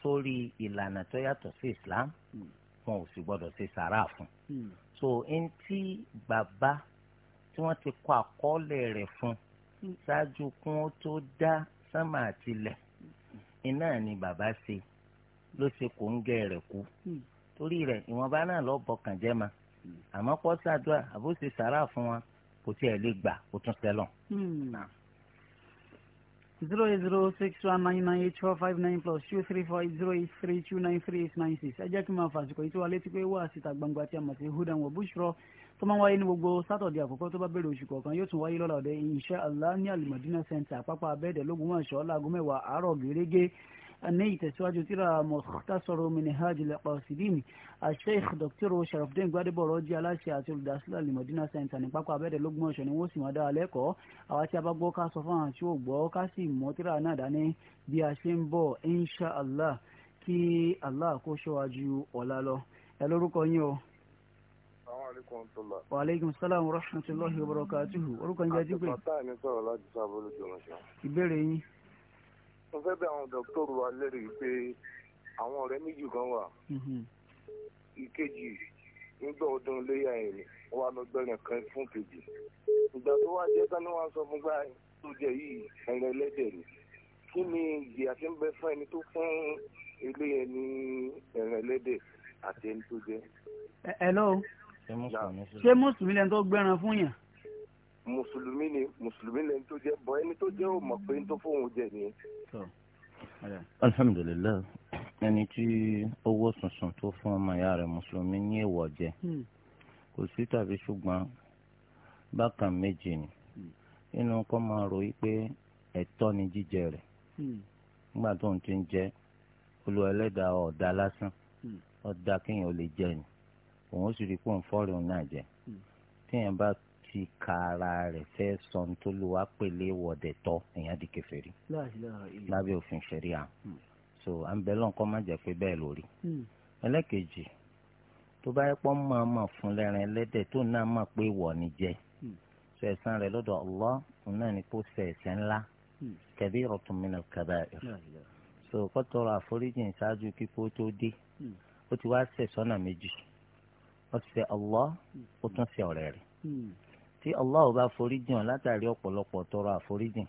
sórí ìlànà tó yàtọ̀ sí islam hmm. wọn ò sì gbọ́dọ̀ ṣe sàrà fún hmm. so ẹni tí bàbá tí wọ́n ti kọ àkọọ́lẹ̀ rẹ̀ fún hmm. ṣáájú kí wọ́n tó dá sánmà àtìlẹ̀ iná ni bàbá ṣe ló ṣe kò ń gẹ rẹ̀ kú torí rẹ̀ ìwọ̀nba náà lọ́ọ́ bọkàn jẹ́ ma àmọ́ pọ́ ṣàdúà sàrà fún wa kò tí ẹ lè gbà kó tún sẹlọ. Hmm, zero eight zero six one nine nine eight four five nine plus two three four eight zero eight three two nine three eight nine six ẹ jẹ́ kí n máa fàṣìkò yìí tó wà létí pé wà síta gbangba tí a mọ̀ sí hudan wa bushro tó máa ń wáyé ní gbogbo sátọ̀dẹ̀ àkọ́kọ́ tó bá bẹ̀rẹ̀ oṣù kọ̀ọ̀kan yóò tún wáyé lọ́la ọ̀dẹ insha Allah ní center àpapọ̀ abẹ́ẹ̀dẹ̀ lógúnmọ̀ṣọ́ láago ní ìtẹ̀síwájú tíra Mukhtasar Minhaj al-Qasidin Sheikh Dr. Sharafdin Gbadebo Rọ́jí aláṣẹ àti olùdásílẹ̀ Al-Madina Center ní pápá abẹ́rẹ́ lógún ọ̀ṣọ́ ni wọ́n sì máa dá alẹ́kọ̀ọ́ àwa tí a bá gbọ́ ká sọ fún àwọn tí ó gbọ́ ká sì mọ tíra náà dání bí a ṣe ń bọ̀ insha Allah kí Allah kó ṣọ́wájú ọ̀la lọ ẹ lórúkọ yín o. Wa aleykum salaam wa rahmatulahi wa barakatuhu. Orúkọ yín jẹ́ dípẹ́. Àtọ́ta ẹni sọ̀rọ̀ láti sábọ́ lójú ọ̀nà ṣe. Ìbéèrè yín mo fẹ́ bẹ̀ àwọn dọ́kítọ́rù wa lẹ́rìí pé àwọn ọ̀rẹ́ méjì kan wà mm-hmm. ìkejì nígbà ọdún iléyà yẹn ni wà lọ gbẹ̀rẹ̀ kan fún kejì ìgbà tó wá jẹ́ tán ni wọ́n sọ fún gbà tó jẹ yìí ẹ̀rẹ̀ ẹlẹ́dẹ̀ ni kí ni ìjìyà tí ń bẹ fún ẹni tó fún ilé yẹn ní ẹ̀rẹ̀ ẹlẹ́dẹ̀ àti ẹni tó jẹ. ẹ ẹ lọ ṣé mùsùlùmí lẹni tó gbẹran fún yàn mùsùlùmí ni mùsùlùmí lẹni tó jẹ bọ ẹni tó jẹ ò mọ̀ pé tó fóun jẹ ni. alhamdulilayi ẹni tí owó tuntun tó fún ọmọ ìyá rẹ̀ mùsùlùmí ní èèwọ̀ jẹ hmm. kò sí tàbí ṣùgbọ́n bákan méjì ni hmm. inú kọ́ máa ròyìn pé ẹ̀tọ́ ni jíjẹ rẹ̀ hmm. nígbà tó ń ti ń jẹ olúwa ẹlẹ́dàá ọ̀dà lásán ọ̀dà kéèyàn ò lè jẹ ni òun ó sì rí i pé òun fọ́ọ̀rì òun náà jẹ téèyàn bá ti ka ara rẹ̀ fẹ́ sọ̀n tó ló wá pèlè wọ̀dẹ̀ tọ́ èèyàn di kèfèrí lábẹ́ òfin ṣẹ̀ríà hmm. so à ń bẹ lọ́n kọ́ má jẹ́ pé bẹ́ẹ̀ lórí. Hmm. ẹlẹ́kejì tó bá yẹ pọ́ máa mọ̀ fún lẹ́rìn ẹlẹ́dẹ̀ tó náà mọ̀ pé wọ̀ ni jẹ́ hmm. so ẹ̀san rẹ̀ lọ́dọ̀ Allah òun náà ni kó ṣe ẹ̀ṣẹ̀ ńlá kabiratun min al-kaba'ir so kó tọrọ àforíjì ṣáájú kíkó tó dé ó ti wá ṣẹ̀ sọ́nà méjì ó ti ṣẹ̀ Allah ó tún ṣẹ̀ ọ̀rẹ́ rẹ̀ tí Allah ò bá foríjìn ọ́ látàrí ọ̀pọ̀lọpọ̀ tọrọ àforíjìn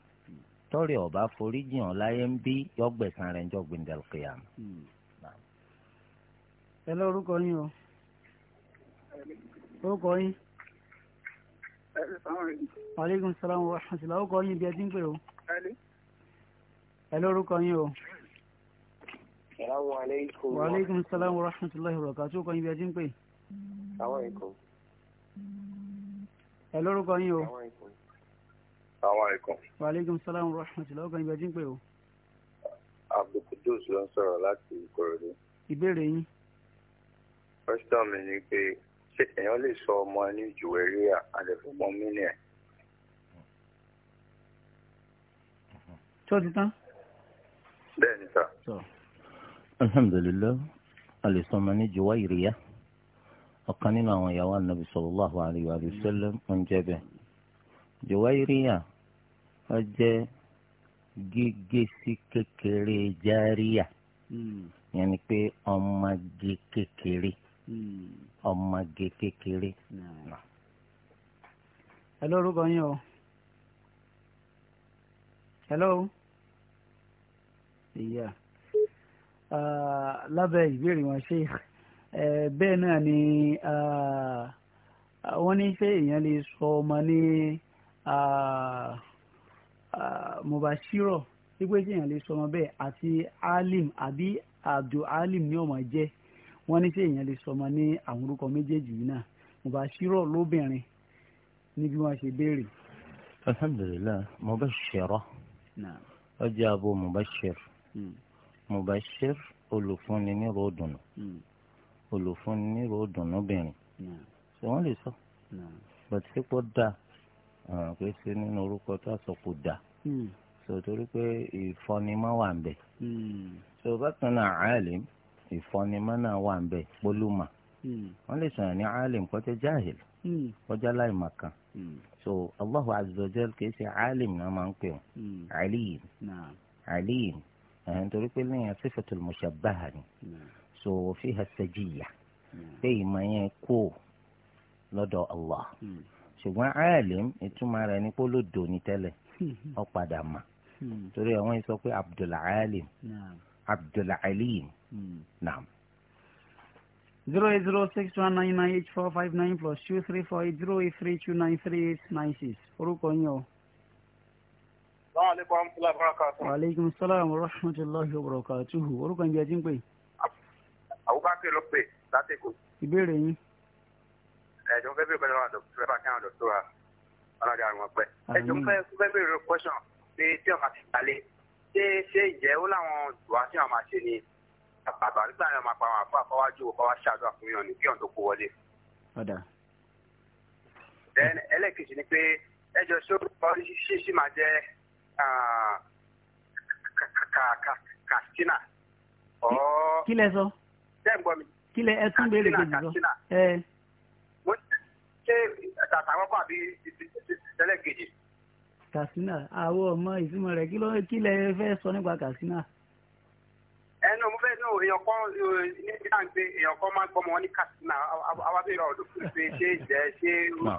tọrẹ ò bá foríjìn ọ́ láyé ń bí yọgbẹ̀sán rẹ̀ ń jọ gbẹ̀ndẹ̀ kìyàm. ẹ lórúkọ yín o orúkọ yín. aleykum salaam wa rahmatulah orúkọ yín bí ẹ ti ń pè o. ẹ lórúkọ yín o. salaamaleykum. wa aleykum salaam wa rahmatulah wa orúkọ yín bí ẹ ti ń pè. salaamaleykum ẹ lórúkọ yín o. wa aleykum salaam wa rahmatulah ọkàn ìgbà jíǹpẹ̀ o. abdulkudus ló ń sọ̀rọ̀ láti ìkòròdú. ìbéèrè yín. pásítọ̀ mi ni pé ṣé èèyàn lè sọ ọmọ ní jùwẹ́ríà àdẹ̀fọ́mọ mínì tó ti tán. bẹ́ẹ̀ ni sà. alhamdulilayi alẹ́ sọ́mọ ní jùwẹ́ríà ọ̀kan nínú àwọn ìyàwó ànábì sallallahu alayhi wa sallam ń jẹ́ bẹ́ẹ̀. Juwayriya ó jẹ́ gígé sí kékeré járíyà hmm. yẹn ni pé ọmọge kékeré hmm. ọmọge kékeré. ẹ lórúkọ yín o. hello. ìyá ah, lábẹ́ ìbéèrè wọn ṣe bẹ́ẹ̀ náà ni wọ́n ní ṣé èèyàn lè sọ ọmọ ní mubashiro wípé ṣé èèyàn lè sọ ọmọ bẹ́ẹ̀ àti alim àbí abdul alim ni ọmọ jẹ́ wọ́n ní ṣé èèyàn lè sọ ọmọ ní àwọn orúkọ méjèèjì yìí náà mubashiro lóbìnrin ní bí wọ́n ṣe béèrè. alhamdulilayi mubashiro ó jẹ́ abo mubashir hmm. mubashir olùfúnni ní ròdùnú. Hmm. olùfúnni nírò òdùnnúbìnrin ṣé wọ́n lè sọ bàtí pípọ́ da kì ṣe nínú orúkọ tó àsọkù da hmm. sòtòrí pé ìfọnimọ́ wà ń bẹ̀ tó hmm. bákan náà àálìm ìfọnimọ́ náà wà ń bẹ̀ pólúmà hmm. wọ́n lè ní àálìm so Allahu azza kìí ṣe àálìm náà máa ń pè wọ́n àlìm àlìm ẹ̀hìn torí pé lẹ́yìn so fíhà sẹ́jìyà hmm. pé ìmọ̀ yẹn kú lọ́dọ̀ Allah hmm. ṣùgbọ́n alim ìtumọ̀ rẹ̀ ní pólódò ní tẹ́lẹ̀ hmm. ó padà mà torí àwọn yìí sọ pé Abdul Alim Abdul Alim naam. zero eight zero six one nine nine eight four five nine plus two three four eight zero eight three two nine three eight nine six orúkọ yín o. salaamaleykum wa rahmatulahi wa barakatuhu. wa salaam wa rahmatulahi wa barakatuhu orúkọ yín jẹ́ jíǹpé. Abubakar ló pè látẹ̀kọ̀. ìbéèrè yín. ẹ̀jọ̀ fẹ́ bèrè pẹ̀lú àdó fẹ́ bá kí àwọn dọ̀tọ́ wa ọlọ́dẹ àwọn ọ̀pẹ. ẹ̀jọ̀ fẹ́ fẹ́ bèrè pọ́ṣọ̀n pé tí ọ̀ma ti gbalẹ̀ ṣé ṣé ìjẹ́ ó láwọn ìwà tí àwọn máa ṣe ni àbàbà nígbà náà máa pa àwọn àfọ àfọwájú òkọ wá ṣàdúrà fún yàn kí ọ̀n tó kó wọlé. ẹlẹ́kejì ni pé ẹjọ́ ṣó ṣíṣí máa jẹ́ Katsina. kí lẹ sọ ń gbọ́ mi. kí lẹ ẹ tún béèrè kejì sọ. mo ṣe tàtàwọn kọ àbí tẹ́lẹ̀ kejì. Katsina àwọn ọmọ ìsúnmọ́ rẹ̀ kí lẹ fẹ́ sọ nípa Katsina ẹnu eh, mo fẹ́ nù èèyàn kọ́ níbi náà máa gbọ́mọ wọn ní Katsina awábẹ́rẹ́ ọ̀dọ́ fún ṣe ṣe jẹ́ ṣé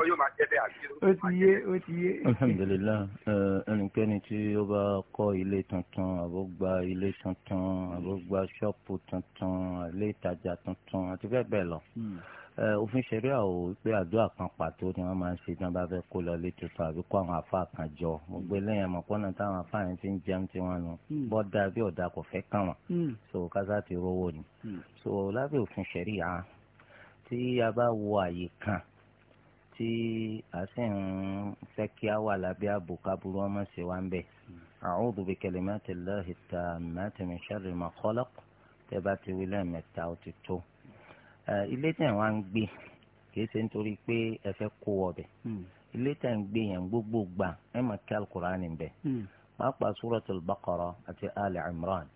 yóò máa jẹ́ bẹ́ẹ̀ àti. ó ti yé ó ti yé. alhamdulilayi eh, ẹnikẹ́ni tí ó bá kọ́ ilé tuntun àbó gba ilé tuntun àbó gba ṣọ́ọ̀pù tuntun àlé ìtajà tuntun àti bẹ́ẹ̀ bẹ́ẹ̀ lọ hmm òfin ṣẹ̀rí àwò pé àdúrà kan pàtó ni wọ́n máa ń ṣe tí wọ́n bá fẹ́ kó lọ ilé tuntun àbí kó àwọn afá kan jọ gbogbo eléyìí hmm. àmọ́ pọ́nà táwọn afá yẹn ti ń jẹun tí wọ́n nu hmm. bọ́dà bí ọ̀dà kò fẹ́ kàn wọ́n hmm. so kásá ti rówó ni so lábẹ́ òfin ṣẹ̀rí à tí a bá wo àyè kan tí a sì ń fẹ́ kí a wà lábẹ́ ààbò kábúrú ọmọ sí wa ń bẹ̀ a'udhu bi kalimatillahi tammati min sharri ma khalaq tẹ́ bá ti wí lẹ́ẹ̀mẹ́ta ó ti tó. Eh, ilé tẹ̀ wá ń gbé kì í ṣe nítorí pé ẹ fẹ́ kó ọbẹ̀ hmm. ilé tẹ̀ ń gbé yẹn gbogbo gbà ẹ máa kí alukur'an bẹ̀ hmm. pàápàá suratul baqara àti ali imran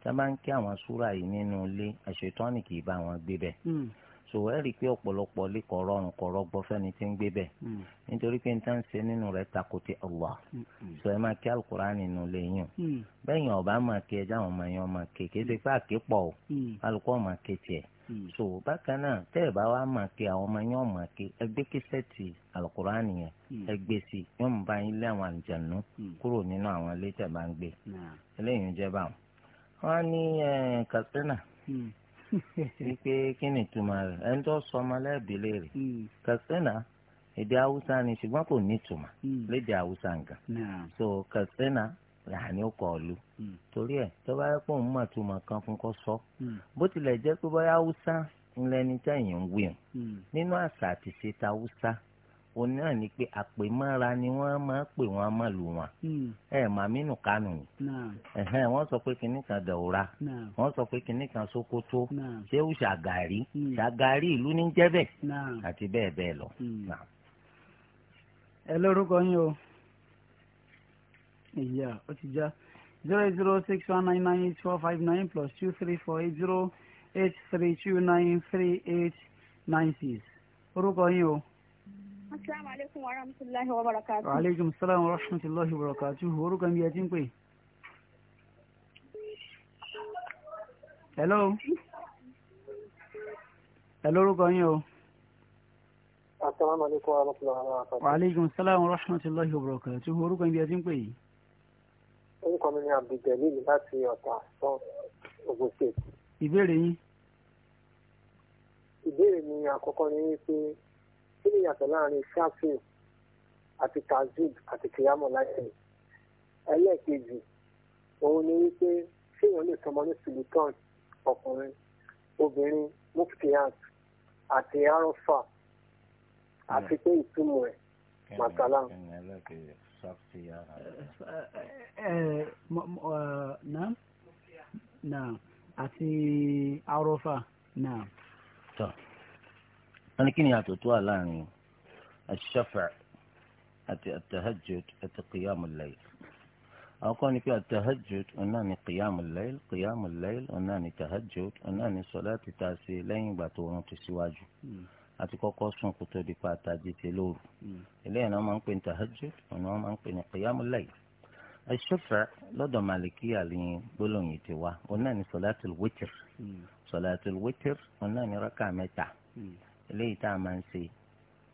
tá a bá ń kí àwọn súra yìí nínú ilé àṣetọ́ni kì í bá wọn gbé bẹ̀ hmm. so ẹ rí i pé ọ̀pọ̀lọpọ̀ lè kọ̀ rọrùn kọ̀ rọgbọ fẹ́ni tí ń gbé bẹ̀ nítorí pé n tá ń ṣe nínú rẹ̀ takò ti Allah so ẹ máa kí alukóra nínú lè yàn bẹ́ẹ̀ yàn ọ̀bá máa kí ẹja àwọn ọmọ yẹn ọmọ kéèké ṣe pé àképọ̀ o alukó ọmọ kéèké so bákan náà tẹ́ ẹ̀ bá wá máa ké àwọn ọmọ yẹn máa hmm. ẹgbẹ́ yẹn ẹgbẹ́ sí yóò mú báyìí lé àwọn àlùjànnú hmm. kúrò nínú àwọn ilé tẹ̀ bá ń gbé eléyìí ń jẹ́ wọ́n ní Katsina wípé hmm. kí ni ìtumọ̀ rẹ̀ ẹni tó sọ ọmọ lẹ́ẹ̀bílẹ̀ rẹ̀ Katsina èdè haúsá ni ṣùgbọ́n kò ní lédè haúsá so Katsina yàní ó kọ̀ ọ̀lú hmm. torí ẹ tó bá yẹ pé òun mà tó mà kan fún kọ́ sọ hmm. bó tilẹ̀ jẹ́ pé bóyá haúsá ńlẹ́ni tẹ̀yìn ń wí hàn hmm. nínú àṣà àti ṣèta haúsá òun náà ni pé àpèmọ́ra ni wọ́n máa pè wọ́n máa lù wọ́n ẹ màmí nù kánù yìí wọ́n sọ pé kinní kan dẹ̀wúra wọn sọ pé kinní kan sokoto ṣéwù ṣàgàrí ṣàgàrí ìlú ní jẹ́bẹ̀ àti bẹ́ẹ̀ bẹ́ẹ̀ lọ. ẹ lórúkọ yín o. ìyá ó zero eight zero six one nine nine eight four five nine plus two three four eight zero eight three two nine three eight nine six orúkọ yín o. asalaamualeykum wa rahmatulahi wa barakatu. wa salaam wa rahmatulahi wa barakatu orúkọ mi ẹ ti ń pè. hello. ẹ lórúkọ yín o. asalaamualeykum wa rahmatulahi wa barakatu. wa aleykum salaam wa rahmatulahi wa barakatu orúkọ mi ẹ ti ń pè orúkọ mi ni abdulgani láti ọ̀tà sọ Ògùn state. ìbéèrè yín. ìbéèrè mi àkọ́kọ́ ni wípé kí ni ìyàtọ̀ láàrin shafiu àti tajud àti kiyamo láìpẹ́ ẹlẹ́ẹ̀kejì òun ni wípé ṣé wọ́n lè sọmọ ní sultan ọkùnrin obìnrin muftiat àti arọfà àti pé ìtumọ̀ ẹ̀ màtàlá. àròfà náà. tọ́ wọ́n ní kí ni yàtọ̀ tó wà láàrin aṣ-ṣaf'i àti at-tahajjud àti qiyamul layl àkọ́kọ́ ni pé at-tahajjud òun náà ni qiyamul layl qiyamul layl òun náà ni tahajjud òun náà ni sọ̀láàtì tá a ṣe lẹ́yìn ìgbà tó rún ti síwájú hmm. àti kọ́kọ́ sùn kó tó di pa àtàjì ti lóru hmm. eléyìí náà máa ń pè ní tahajjud òun náà máa ń pè ní qiyamul layl lọ́dọ̀ màlìkí àlìyìn gbólóyìn ti wá òun náà ni sọ̀láàtì wítìr sọ̀látùl wítìr wọn náà ní rákà mẹ́ta hmm. eléyìí tá a máa ń ṣe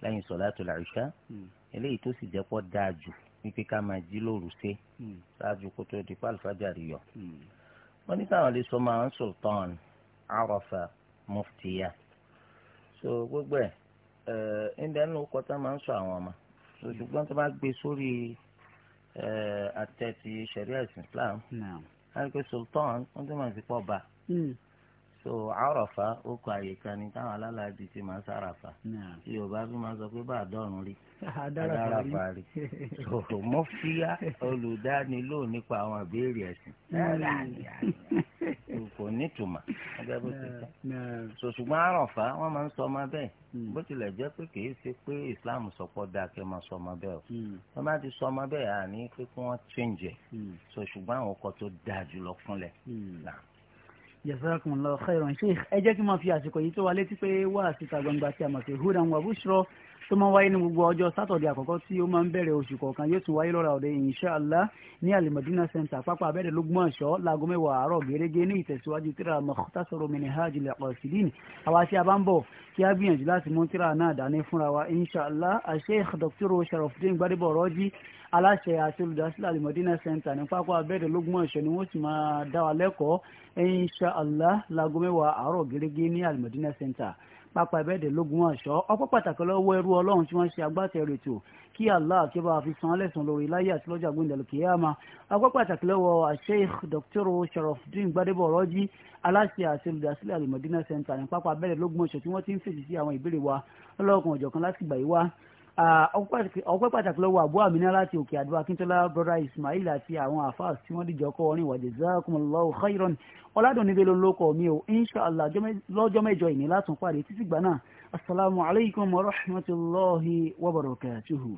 lẹ́yìn sọ̀látùl ìṣá hmm. eléyìí tó sì jẹ́ pọ̀ dáa jù wípé ká máa jí lóru ṣe hmm. ṣáájú kó tó di pálífàjárì yọ. wọ́n ní káwọn lè sọ máa ń sultan arafa muftiya so gbogbo ẹ̀ ẹ̀ ń dẹ́nu kọ́tà máa ń sọ àwọn ọmọ ṣùgbọ́n tó bá gbé sórí àtẹ̀tì ṣẹ̀ríà ìsìn Islam. àìkú sultan wọ́n máa ń fi pọ̀ bá so arafa ó kọ àyè kan ní táwọn alálàájì ti máa sàràfà yorùbá fi máa sọ pé bá àdọ́run rí adáràfà rí so mọ́fíà olùdánilò nípa àwọn àbẹ́rẹ́ ẹ̀sìn kò nítumọ̀ ẹgbẹ́ bó ti sọ so ṣùgbọ́n arafa wọ́n máa ń sọ ọmọ bẹ́ẹ̀ hmm. bó tilẹ̀ jẹ́ pé kì í ṣe pé islam sọpọ̀ dáa kẹ́ máa sọ ọmọ bẹ́ẹ̀ o hmm. wọ́n bá ti sọ ọmọ bẹ́ẹ̀ àní pé kí wọ́n change ẹ̀ hmm. so ṣùgbọ́n àwọn ọkọ̀ tó dáa jùlọ fúnlẹ̀ náà jazakumullahu khairan sheikh ẹ jẹ́ kí n máa fi àsìkò yìí tó wa létí pé wá síta gbangba tí a mọ̀ sí hudan wa bushra tó máa wáyé ní gbogbo ọjọ́ sátọ̀dẹ̀ àkọ́kọ́ tí ó máa ń bẹ̀rẹ̀ oṣù kọ̀ọ̀kan yóò tún wáyé lọ́ra òde inṣàlá ní alimadina center pápá abẹ́rẹ́ lógún ọ̀ṣọ́ láago mẹ́wàá àárọ̀ gẹ́gẹ́ ní ìtẹ̀síwájú tíra Mukhtasar Minhaj al-Qasidin àwa tí a bá ń bọ̀ kí a gbìyànjú láti mú tíra náà dání fúnra wa inṣàlá Sheikh aláṣẹ àti olùdásílẹ̀ alimọ̀dínà center ní pápá abẹ́rẹ́ lógúnmọ̀ṣọ́ ni wọ́n sì máa dá wa lẹ́kọ̀ọ́ insha Allah láago mẹ́wàá àárọ̀ gẹ́gẹ́ ní alimọ̀dínà center pápá abẹ́rẹ́ lógúnmọ̀ṣọ́ ọpọ́ pàtàkì lọ́wọ́ ẹrú ọlọ́run tí wọ́n ṣe agbátẹrù ètò kí Allah kí bá fi san lẹ́sàn lórí láyé àti lọ́jà gbẹ̀ndẹ̀lù kìyàmá ọpọ́ pàtàkì Sheikh Dr. Sharafdin Gbadebo Ọ̀rọ́jì aláṣẹ àti olùdásílẹ̀ alimọ̀dínà center ní pápá abẹ́rẹ́ lógúnmọ̀ṣọ́ tí wọ́n ti ń fèsì sí àwọn ìbéèrè wa ọlọ́kùnrin ọ̀jọ̀kan láti ọpẹ́ pàtàkì lọ́wọ́ àbú àmìnà láti òkè àdúrà akíntola broda ismail àti àwọn àfáàs tí wọ́n dìjọ kọ́ orin ìwàjẹ̀ jazakumullahu khairan ọ̀làdùn níbi ló ń lókọ̀ mi ò inshàlá lọ́jọ́ mẹ́jọ ìní látún pàdé títí gbà asalaamualeykum wa rahmatulahi wa barakatuhu.